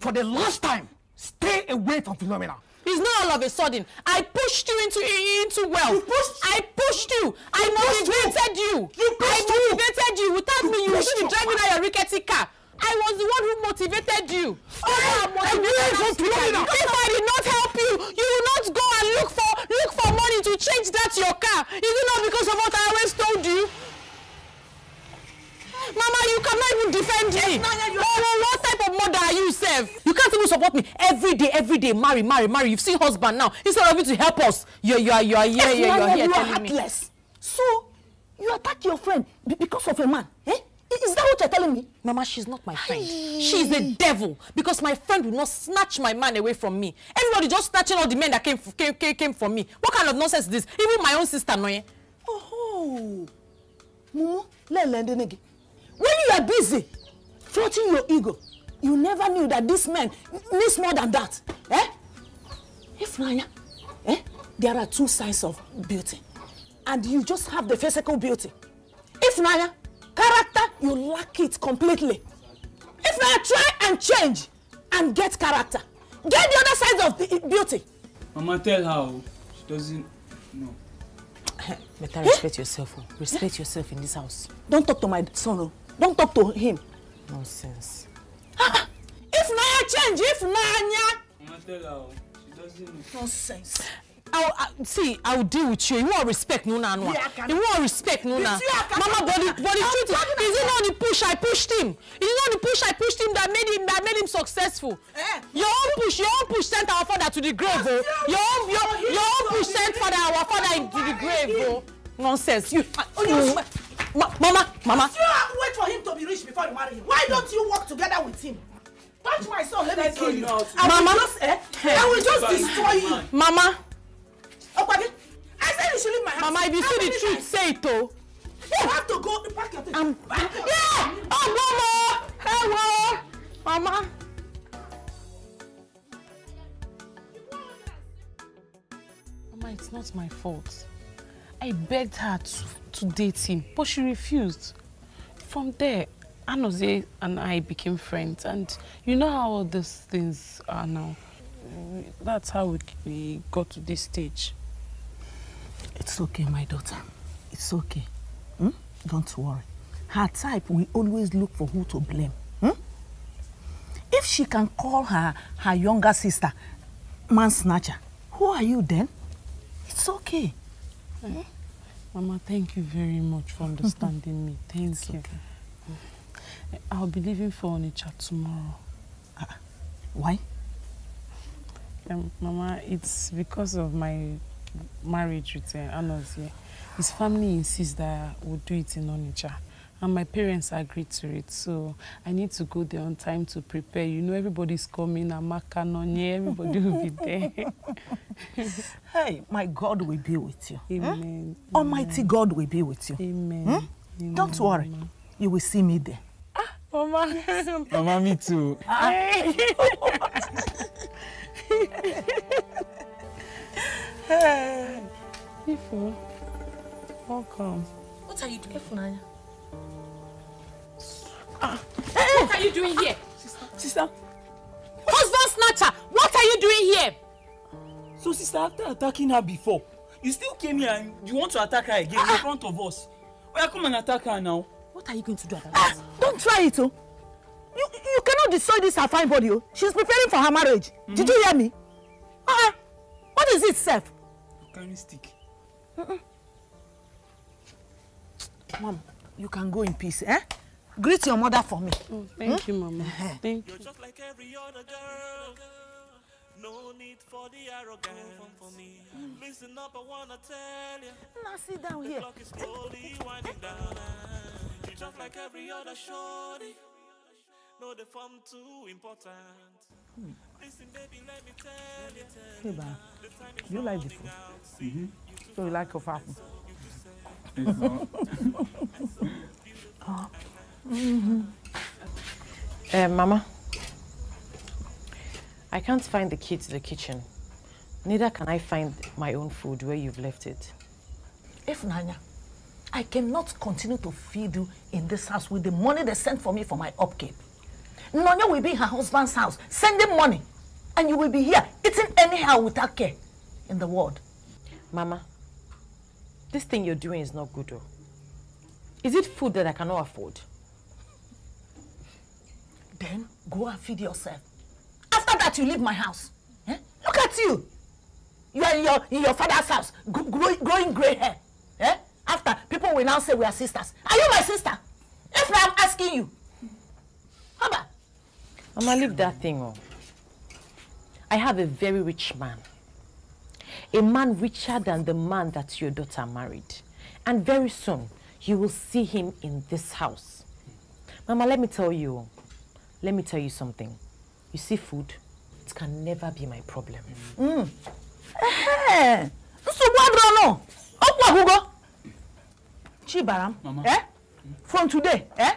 For the last time, stay away from Philomena. It's not all of a sudden. I pushed you into into well. You pushed, I pushed you. I motivated you. You pushed I motivated you. you. Without you me, you wouldn't be driving out your rickety car. I was the one who motivated you. Oh, I motivated you. If I did not help you, you would not go and look for look for money to change that your car. Is it not because of what I always told you? Mama, you cannot even defend me. Yes, no, no, oh, what type of mother are you, Sev? support me every day every day marry marry marry you've seen husband now instead of you to help us you you are you are here you are here telling me. you are heartless so you attack your friend because of a man eh? Is that what you are telling me? Mama, she's not my friend. She is a devil because my friend will not snatch my man away from me. Everybody just snatching all the men that came came came, came from me. What kind of nonsense is this? Even my own sister, Noye. Eh? Oh, Mumu, lele ndenege. When you are busy, flirting your ego, you never knew that this man needs more than that. Eh? Naya, eh? there are two sides of beauty. And you just have the physical beauty. Naya, character, you lack it completely. Ifnanya, try and change and get character. Get the other side of the beauty. Mama, tell her. Oh, she doesn't know. Eh, better eh? respect eh? yourself. Oh. Respect eh? yourself in this house. Don't talk to my son. Oh. Don't talk to him. Nonsense. if Naya change, if Naya. I'm Nonsense. I'll, I, see, I will deal with you. You want respect, Nuna, Nuna. Anwa. you want respect, Nuna. Mama, but the, but the truth is, is it not the push I pushed him? Is it not the push I pushed him that made him that made him successful? Eh. Your own push, your own push sent our father to the grave, oh. Your own, your, your own push sent father, our father into the grave, oh. Nonsense. You, uh, you. Ma mama, mama. You have wait for him to be rich before you marry him. Why don't you work together with him? Touch my son, let me kill you. Mama, just, eh, I will just destroy you. Mama. Okay, I said you should leave my house. Mama, if you see the truth, say it though. You have to go pack your things. yeah! Oh, mama! Hello! Mama! Mama, it's not my fault. I begged her to to date him, but she refused. From there, Anoze and I became friends, and you know how all these things are now. That's how we got to this stage. It's okay, my daughter. It's okay. Hmm? Don't worry. Her type will always look for who to blame. Hmm? If she can call her, her younger sister man snatcher, who are you then? It's okay. Hmm? Mama, thank you very much for understanding me. Thank it's you. Okay. Mm. I'll be leaving for Onitsha tomorrow. Uh, why? Um, Mama, it's because of my marriage with uh, His family insists that I will do it in Onitsha. and my parents agreed to it. So I need to go there on time to prepare. You know, everybody's coming. Amaka, Nonye, everybody will be there. hey, my God will be with you. Amen. Hmm? Almighty God will be with you. Amen. Hmm? Amen. Don't worry. Mama. You will see me there. Ah, Mama. Yes. Mama, me too. Ah. Hey. hey. Ifo, welcome. What are you doing, Funanya? What are you doing here? Sister. Sister. Husband snatcher, what are you doing here? So sister, after attacking her before, you still came here and you want to attack her again in front of us. Well, come and attack her now. What are you going to do ah, Don't try it, oh. You, you cannot destroy this her fine body, oh. She's preparing for her marriage. Mm -hmm. Did mm-hmm. you hear me? Ah, uh -uh. what is it, Seth? You can stick. Mm -mm. Mom, you can go in peace, eh? Greet your mother for me. Mm, thank hmm? you, Mama. thank You're just like every other girl. No need for the arrogance. Come for me. Mm. Listen up, I wanna tell you. Now sit down the here. clock is slowly winding down. You're just like every other shorty. No, the form too important. Listen, baby, let me tell you. Hey, Ba, do you like the food? Mm-hmm. So you like your fafu? It's not. oh. Mm -hmm. uh, Mama, I can't find the key to the kitchen. Neither can I find my own food where you've left it. If Nanya, I cannot continue to feed you in this house with the money they sent for me for my upkeep. Nanya will be in her husband's house, sending money, and you will be here eating anyhow without care in the world. Mama, this thing you're doing is not good though. Is it food that I cannot afford? Then go and feed yourself. After that, you leave my house. Eh? Look at you. You are in your, in your father's house, grow, growing gray hair. Eh? After, people will now say we are sisters. Are you my sister? If I'm asking you. Haba. Mama, leave that thing on. I have a very rich man. A man richer than the man that your daughter married. And very soon, you will see him in this house. Mama, let me tell you, Let me tell you something. You see, food, it can never be my problem. Mm. Eh, nsogbu adịrọ nọ Chibaram eh? from today eh?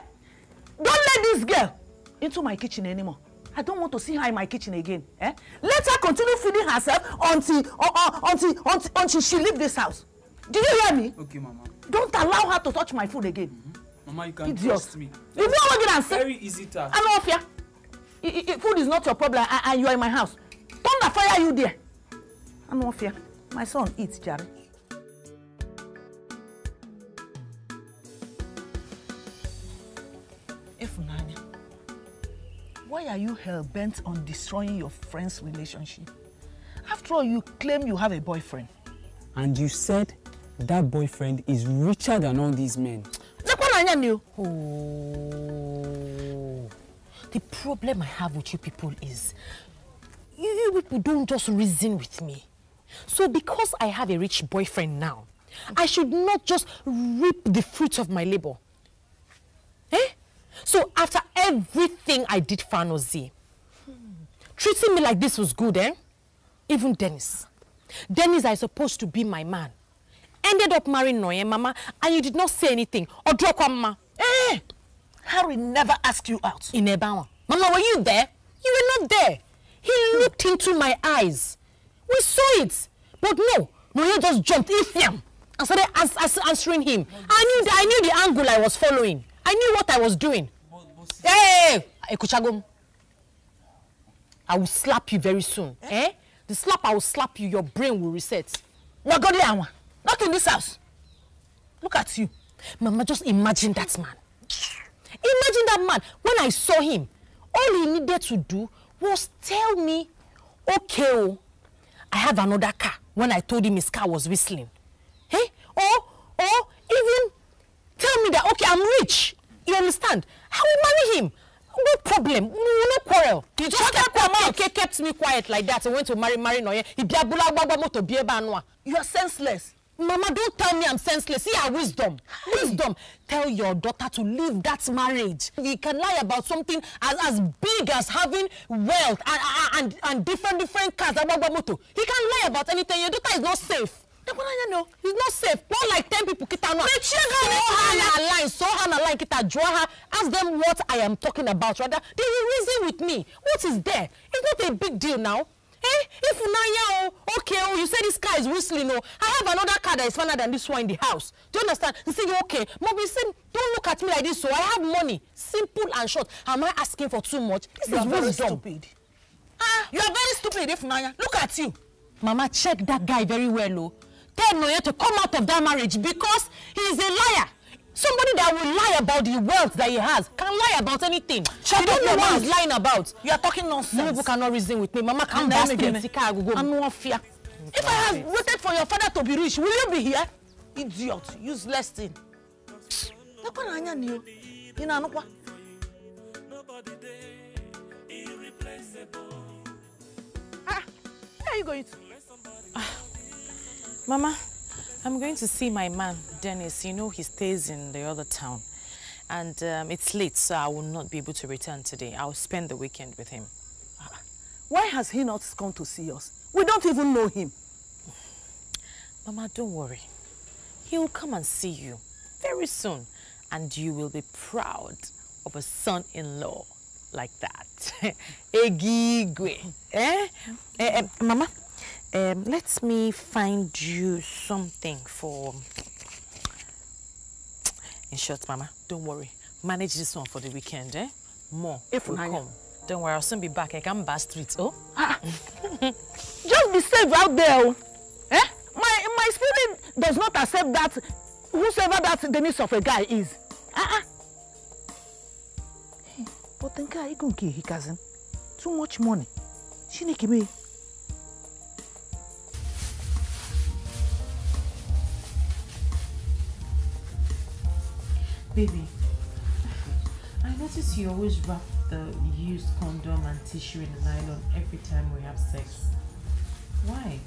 don't let this girl into my kitchen anymore I don't want to see her in my kitchen again eh? let her continue feeding herself until, uh, uh, until, until, until she leaves this house do you hear me? Okay, mama. don't allow her to touch my food again. Mm -hmm. Mama, you can Idiot. trust me. You know what I'm Very easy task. I'm off here. I, I, food is not your problem and, and you are in my house. Thunder fire you there. I'm off here. My son eats, Jerry. Ifunanya, why are you hell-bent on destroying your friend's relationship? After all, you claim you have a boyfriend. And you said that boyfriend is richer than all these men. Oh. The problem I have with you people is you, you people don't just reason with me. So because I have a rich boyfriend now, I should not just reap the fruits of my labor. Eh? So after everything I did for Anozi, treating me like this was good, eh? Even Dennis. Dennis I supposed to be my man ended up marrying Noye, Mama, and you did not say anything. Or Mama. Eh! Harry never asked you out. In Mama, were you there? You were not there. He looked into my eyes. We saw it. But no, Noye just jumped Ifyam and started as, as answering him. I knew, the, I knew the angle I was following. I knew what I was doing. Hey! Ekuchagum. I will slap you very soon. Eh? eh? The slap I will slap you, your brain will reset. Now go there, Not in this house. Look at you. Mama, just imagine that man. Imagine that man. When I saw him, all he needed to do was tell me, okay, oh, I have another car when I told him his car was whistling. Hey? Or, or even tell me that, okay, I'm rich. You understand? How will marry him. No problem. No will quarrel. He just Shut kept, kept, okay kept, me quiet like that. I went to marry, marry Noye. You are senseless. Mama, don't tell me I'm senseless. See our wisdom. Wisdom. Tell your daughter to leave that marriage. You can lie about something as, as big as having wealth and, and, and different, different cars. He can lie about anything. Your daughter is not safe. No, he's not safe. More like 10 people. Kita no. Saw her I Saw her line. Kita draw her. Ask them what I am talking about. Rather, they will reason with me. What is there? It's not a big deal now. eh ifunanya o oh, okay oh you say this car is whistling oh i have another car that is funner than this one in the house do you understand You say okay mobi say don't look at me like this so oh. i have money simple and short am i asking for too much this you is wisdom you are very stupid ah you are very stupid if ifunanya look at you mama check that guy very well oh tell noye to come out of that marriage because he is a liar Somebody that will lie about the wealth that he has can lie about anything. Shut you don't know what he's lying about. You are talking nonsense. You people cannot reason with me. Mama, calm down. I'm not fear. If I had waited for your father to be rich, will you be here? Idiot, useless thing. Nakwa na anya niyo. Ina anukwa. Ah, where are you going to? Ah, Mama. I'm going to see my man, Dennis. You know he stays in the other town. And um, it's late, so I will not be able to return today. I'll spend the weekend with him. Ah, why has he not come to see us? We don't even know him. Mama, don't worry. He will come and see you very soon. And you will be proud of a son-in-law like that. Egigwe. eh? eh, eh Mama, um, let me find you something for in short mama don't worry manage this one for the weekend eh more if we come don't worry i'll soon be back i can back street oh ah. just be safe out there oh. eh my my spirit does not accept that whosoever that the niece of a guy is. Uh-uh. But then guy, he can to kill his cousin. Too much money. She need me. Baby, I notice you always wrap the used condom and tissue in a nylon every time we have sex. Why?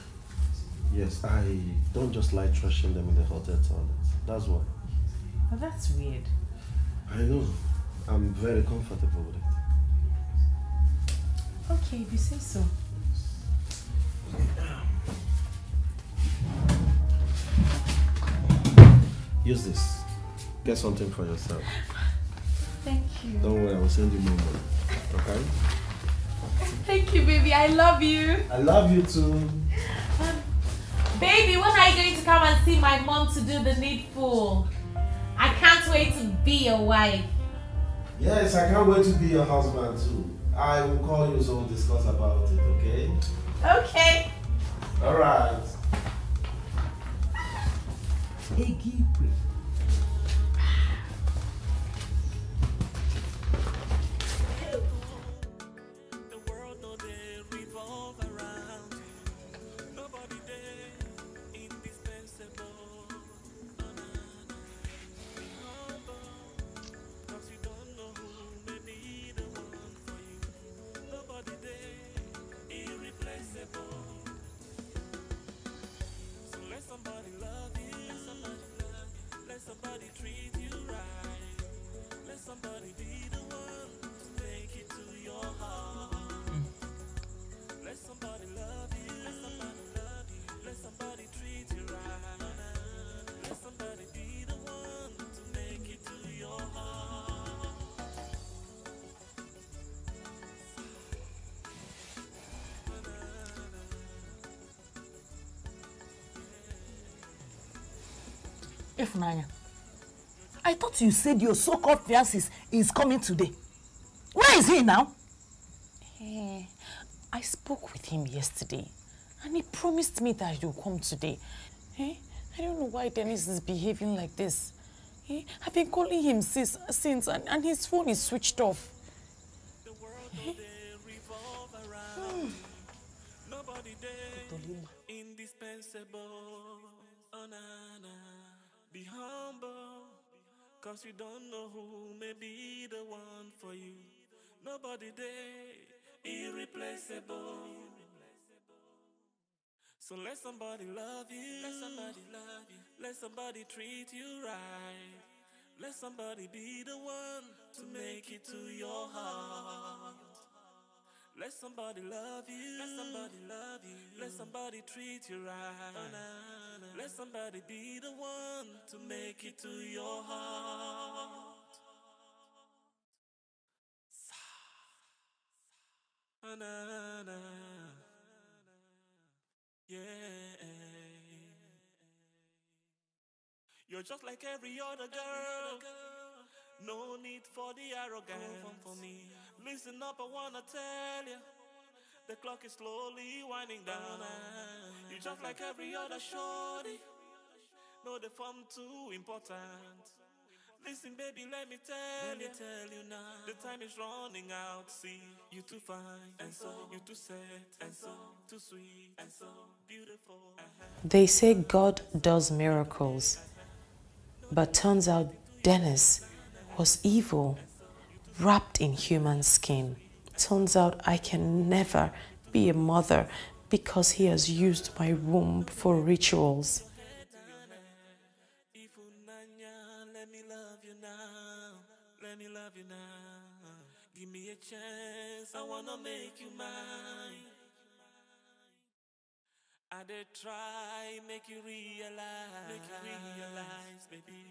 Yes, I don't just like trashing them in the hotel toilet. That's why. But that's weird. I know. I'm very comfortable with it. Okay, if you say so. Use this. Get something for yourself. Thank you. Don't worry, I will send you more money. Okay? Thank you, baby. I love you. I love you too. Um, baby, when are you going to come and see my mom to do the needful? I can't wait to be your wife. Yes, I can't wait to be your husband too. I will call you so we'll discuss about it, okay? Okay. Alright. Egipwe. Ifunanya, I thought you said your so-called fiancé is, coming today. Where is he now? Eh, I spoke with him yesterday and he promised me that he'll come today. Eh, I don't know why Dennis is behaving like this. Eh, I've been calling him since, since and, and his phone is switched off. somebody love you. Let somebody love you. Let somebody treat you right. Let somebody be the one to make it to your heart. Let somebody love you. Let somebody love you. Let somebody treat you right. Oh, Let somebody be the one to make it to your heart. just like every other girl. No need for the arrogance. Come for me. Listen up, I wanna tell you. The clock is slowly winding down. You just like every other shorty. No, the form too important. Listen, baby, let me tell you. tell you now. The time is running out. See, you too fine and so you too sad and so too sweet and so beautiful. They say God does miracles. But turns out Dennis was evil, wrapped in human skin. Turns out I can never be a mother because he has used my womb for rituals. Give me a chance, I wanna make you mine. I did try make you realize, make you realize, baby.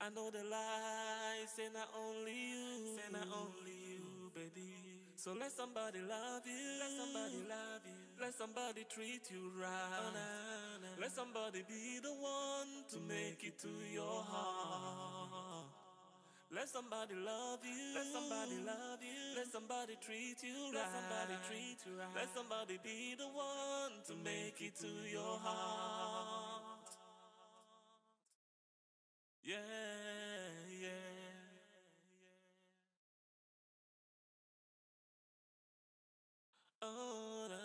I know the lies, and I only you, and I only you, baby. So let somebody love you, let somebody love you, let somebody treat you right. Oh, nah, nah. Let somebody be the one to make it to your heart. Let somebody love you. Let somebody love you. Let somebody treat you right. Let somebody treat you right. Let somebody be the one to make it to your heart. Yeah, yeah. Oh, da,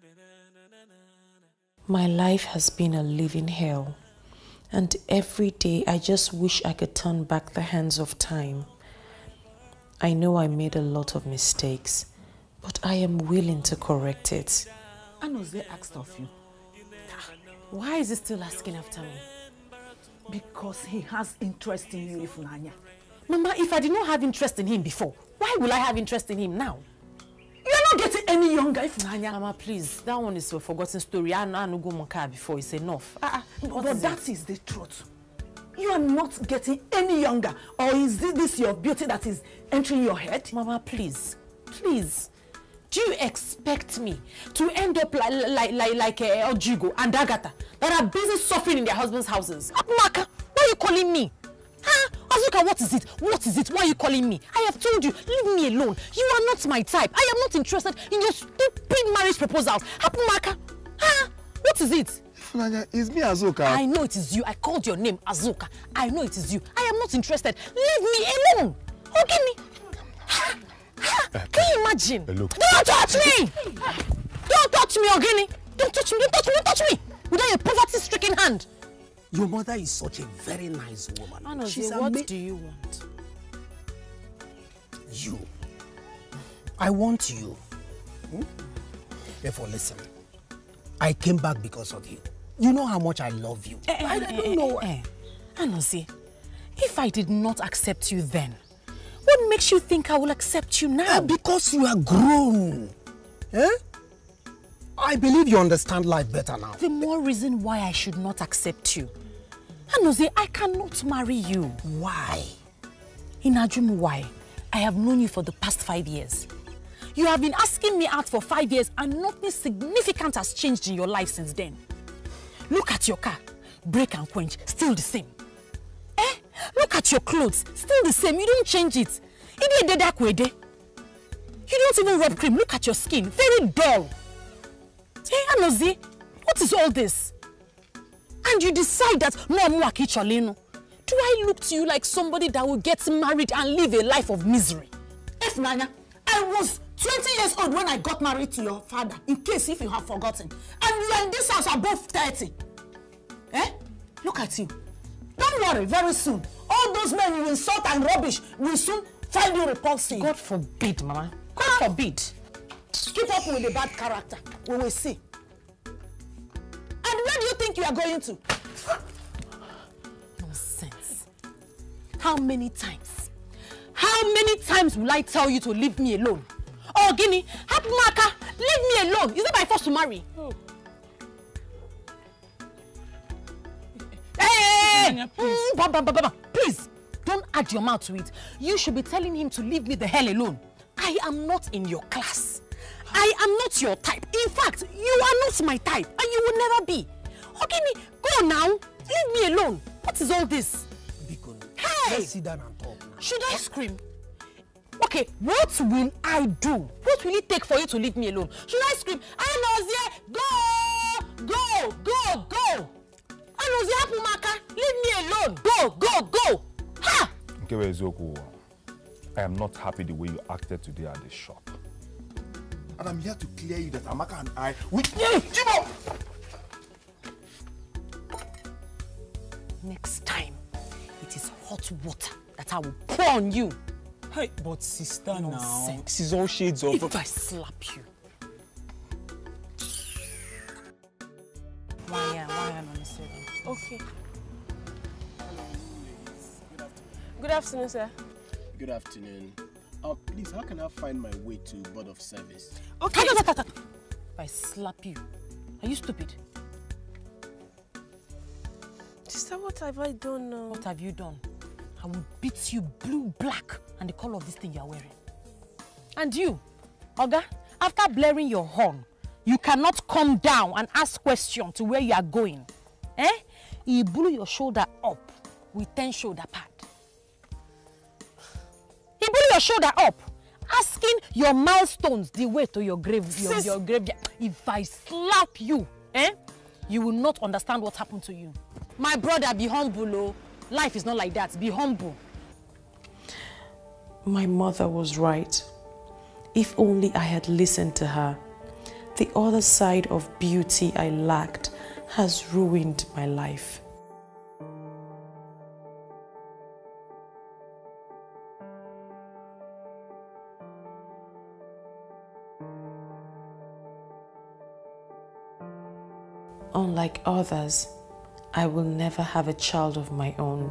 da, da. da, da, da. My life has been a living hell, and every day I just wish I could turn back the hands of time. I know I made a lot of mistakes, but I am willing to correct it. Anoze asked of you, ah, why is he still asking after me? Because he has interest in you, Ifunanya. Mama, if I did not have interest in him before, why will I have interest in him now? any younger, guy Nanya. Mama, please, that one is a forgotten story. I know, I go Gomonka before, it's enough. Ah, uh, but is that it? is the truth. You are not getting any younger. Or is this your beauty that is entering your head? Mama, please, please. Do you expect me to end up like like like, like uh, Ojigo and Agatha that are busy suffering in their husbands' houses? Maka, why are you calling me? Oh, Azuka, what is it? What is it? Why are you calling me? I have told you, leave me alone. You are not my type. I am not interested in your stupid marriage proposals. Hapumaka, huh? What is it? Funanya, it's me, Azuka. I know it is you. I called your name, Azuka. I know it is you. I am not interested. Leave me alone. Okay, me. Eh, Can you imagine? Eh, look. Don't touch me! Don't touch me, Ogini! Don't touch me! Don't touch me! Don't touch me! Without your poverty-stricken hand! Your mother is such a very nice woman. Anozie, She's what do you want? You. I want you. Hmm? Therefore, listen. I came back because of you. You know how much I love you. Eh, I, eh, I, don't eh, know. Eh, Anozie, eh. if I did not accept you then, what makes you think I will accept you now? Eh, because you are grown. Eh? I believe you understand life better now. The more reason why I should not accept you. Anoze, I cannot marry you. Why? In Inajum, why? I have known you for the past five years. You have been asking me out for five years and nothing significant has changed in your life since then. Look at your car. Break and quench, still the same. Eh? Look at your clothes, still the same. You don't change it. You don't even rub cream. Look at your skin. Very dull. Hey, eh, Anozi, what is all this? and you decide that no I'm Akicholenu. Do I look to you like somebody that will get married and live a life of misery? Yes, Nanya, I was twenty years old when I got married to your father, in case if you have forgotten. And you are in this house are both thirty. Eh? Look at you. Don't worry, very soon, all those men you insult and rubbish will soon find you repulsive. God forbid, Mama. God forbid. Keep up with the bad character. We will see. And where do you think you are going to? Nonsense. How many times? How many times will I tell you to leave me alone? Oh, Guinea, Happy Marker, leave me alone. Is it my force to marry? Oh. Hey! Nanya, please. Mm, ba, ba, ba, please, don't add your mouth to it. You should be telling him to leave me the hell alone. I am not in your class. I am not your type. In fact, you are not my type and you will never be. Ogini, go now. Leave me alone. What is all this? Biko, hey! let's sit down and talk. Should I scream? Okay, what will I do? What will it take for you to leave me alone? Should I scream, Anozie, go! Go, go, go! Anozie, Apumaka, leave me alone! Go, go, go! Ha! Nkewe I am not happy the way you acted today at the shop. And I'm here to clear you that Amaka and I, we... Jimo! Next time, it is hot water that I will pour on you. Hey, but sister Nonsense. now, this is all shades of... If I slap you. One year, one year, I'm Okay. Good afternoon, sir. Good afternoon. Uh, please, how can I find my way to board of service? Okay. If I slap you, are you stupid? Sister, what have I done now? What have you done? I will beat you blue, black, and the color of this thing you are wearing. And you, Oga, after blaring your horn, you cannot come down and ask questions to where you are going. Eh? He blew your shoulder up with ten shoulder pads. your shoulder up, asking your milestones the way to your grave. Your, your grave. If I slap you, eh, you will not understand what happened to you. My brother, be humble, oh. Life is not like that. Be humble. My mother was right. If only I had listened to her. The other side of beauty I lacked has ruined my life. Like others, I will never have a child of my own,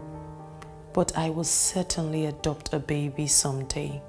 but I will certainly adopt a baby someday.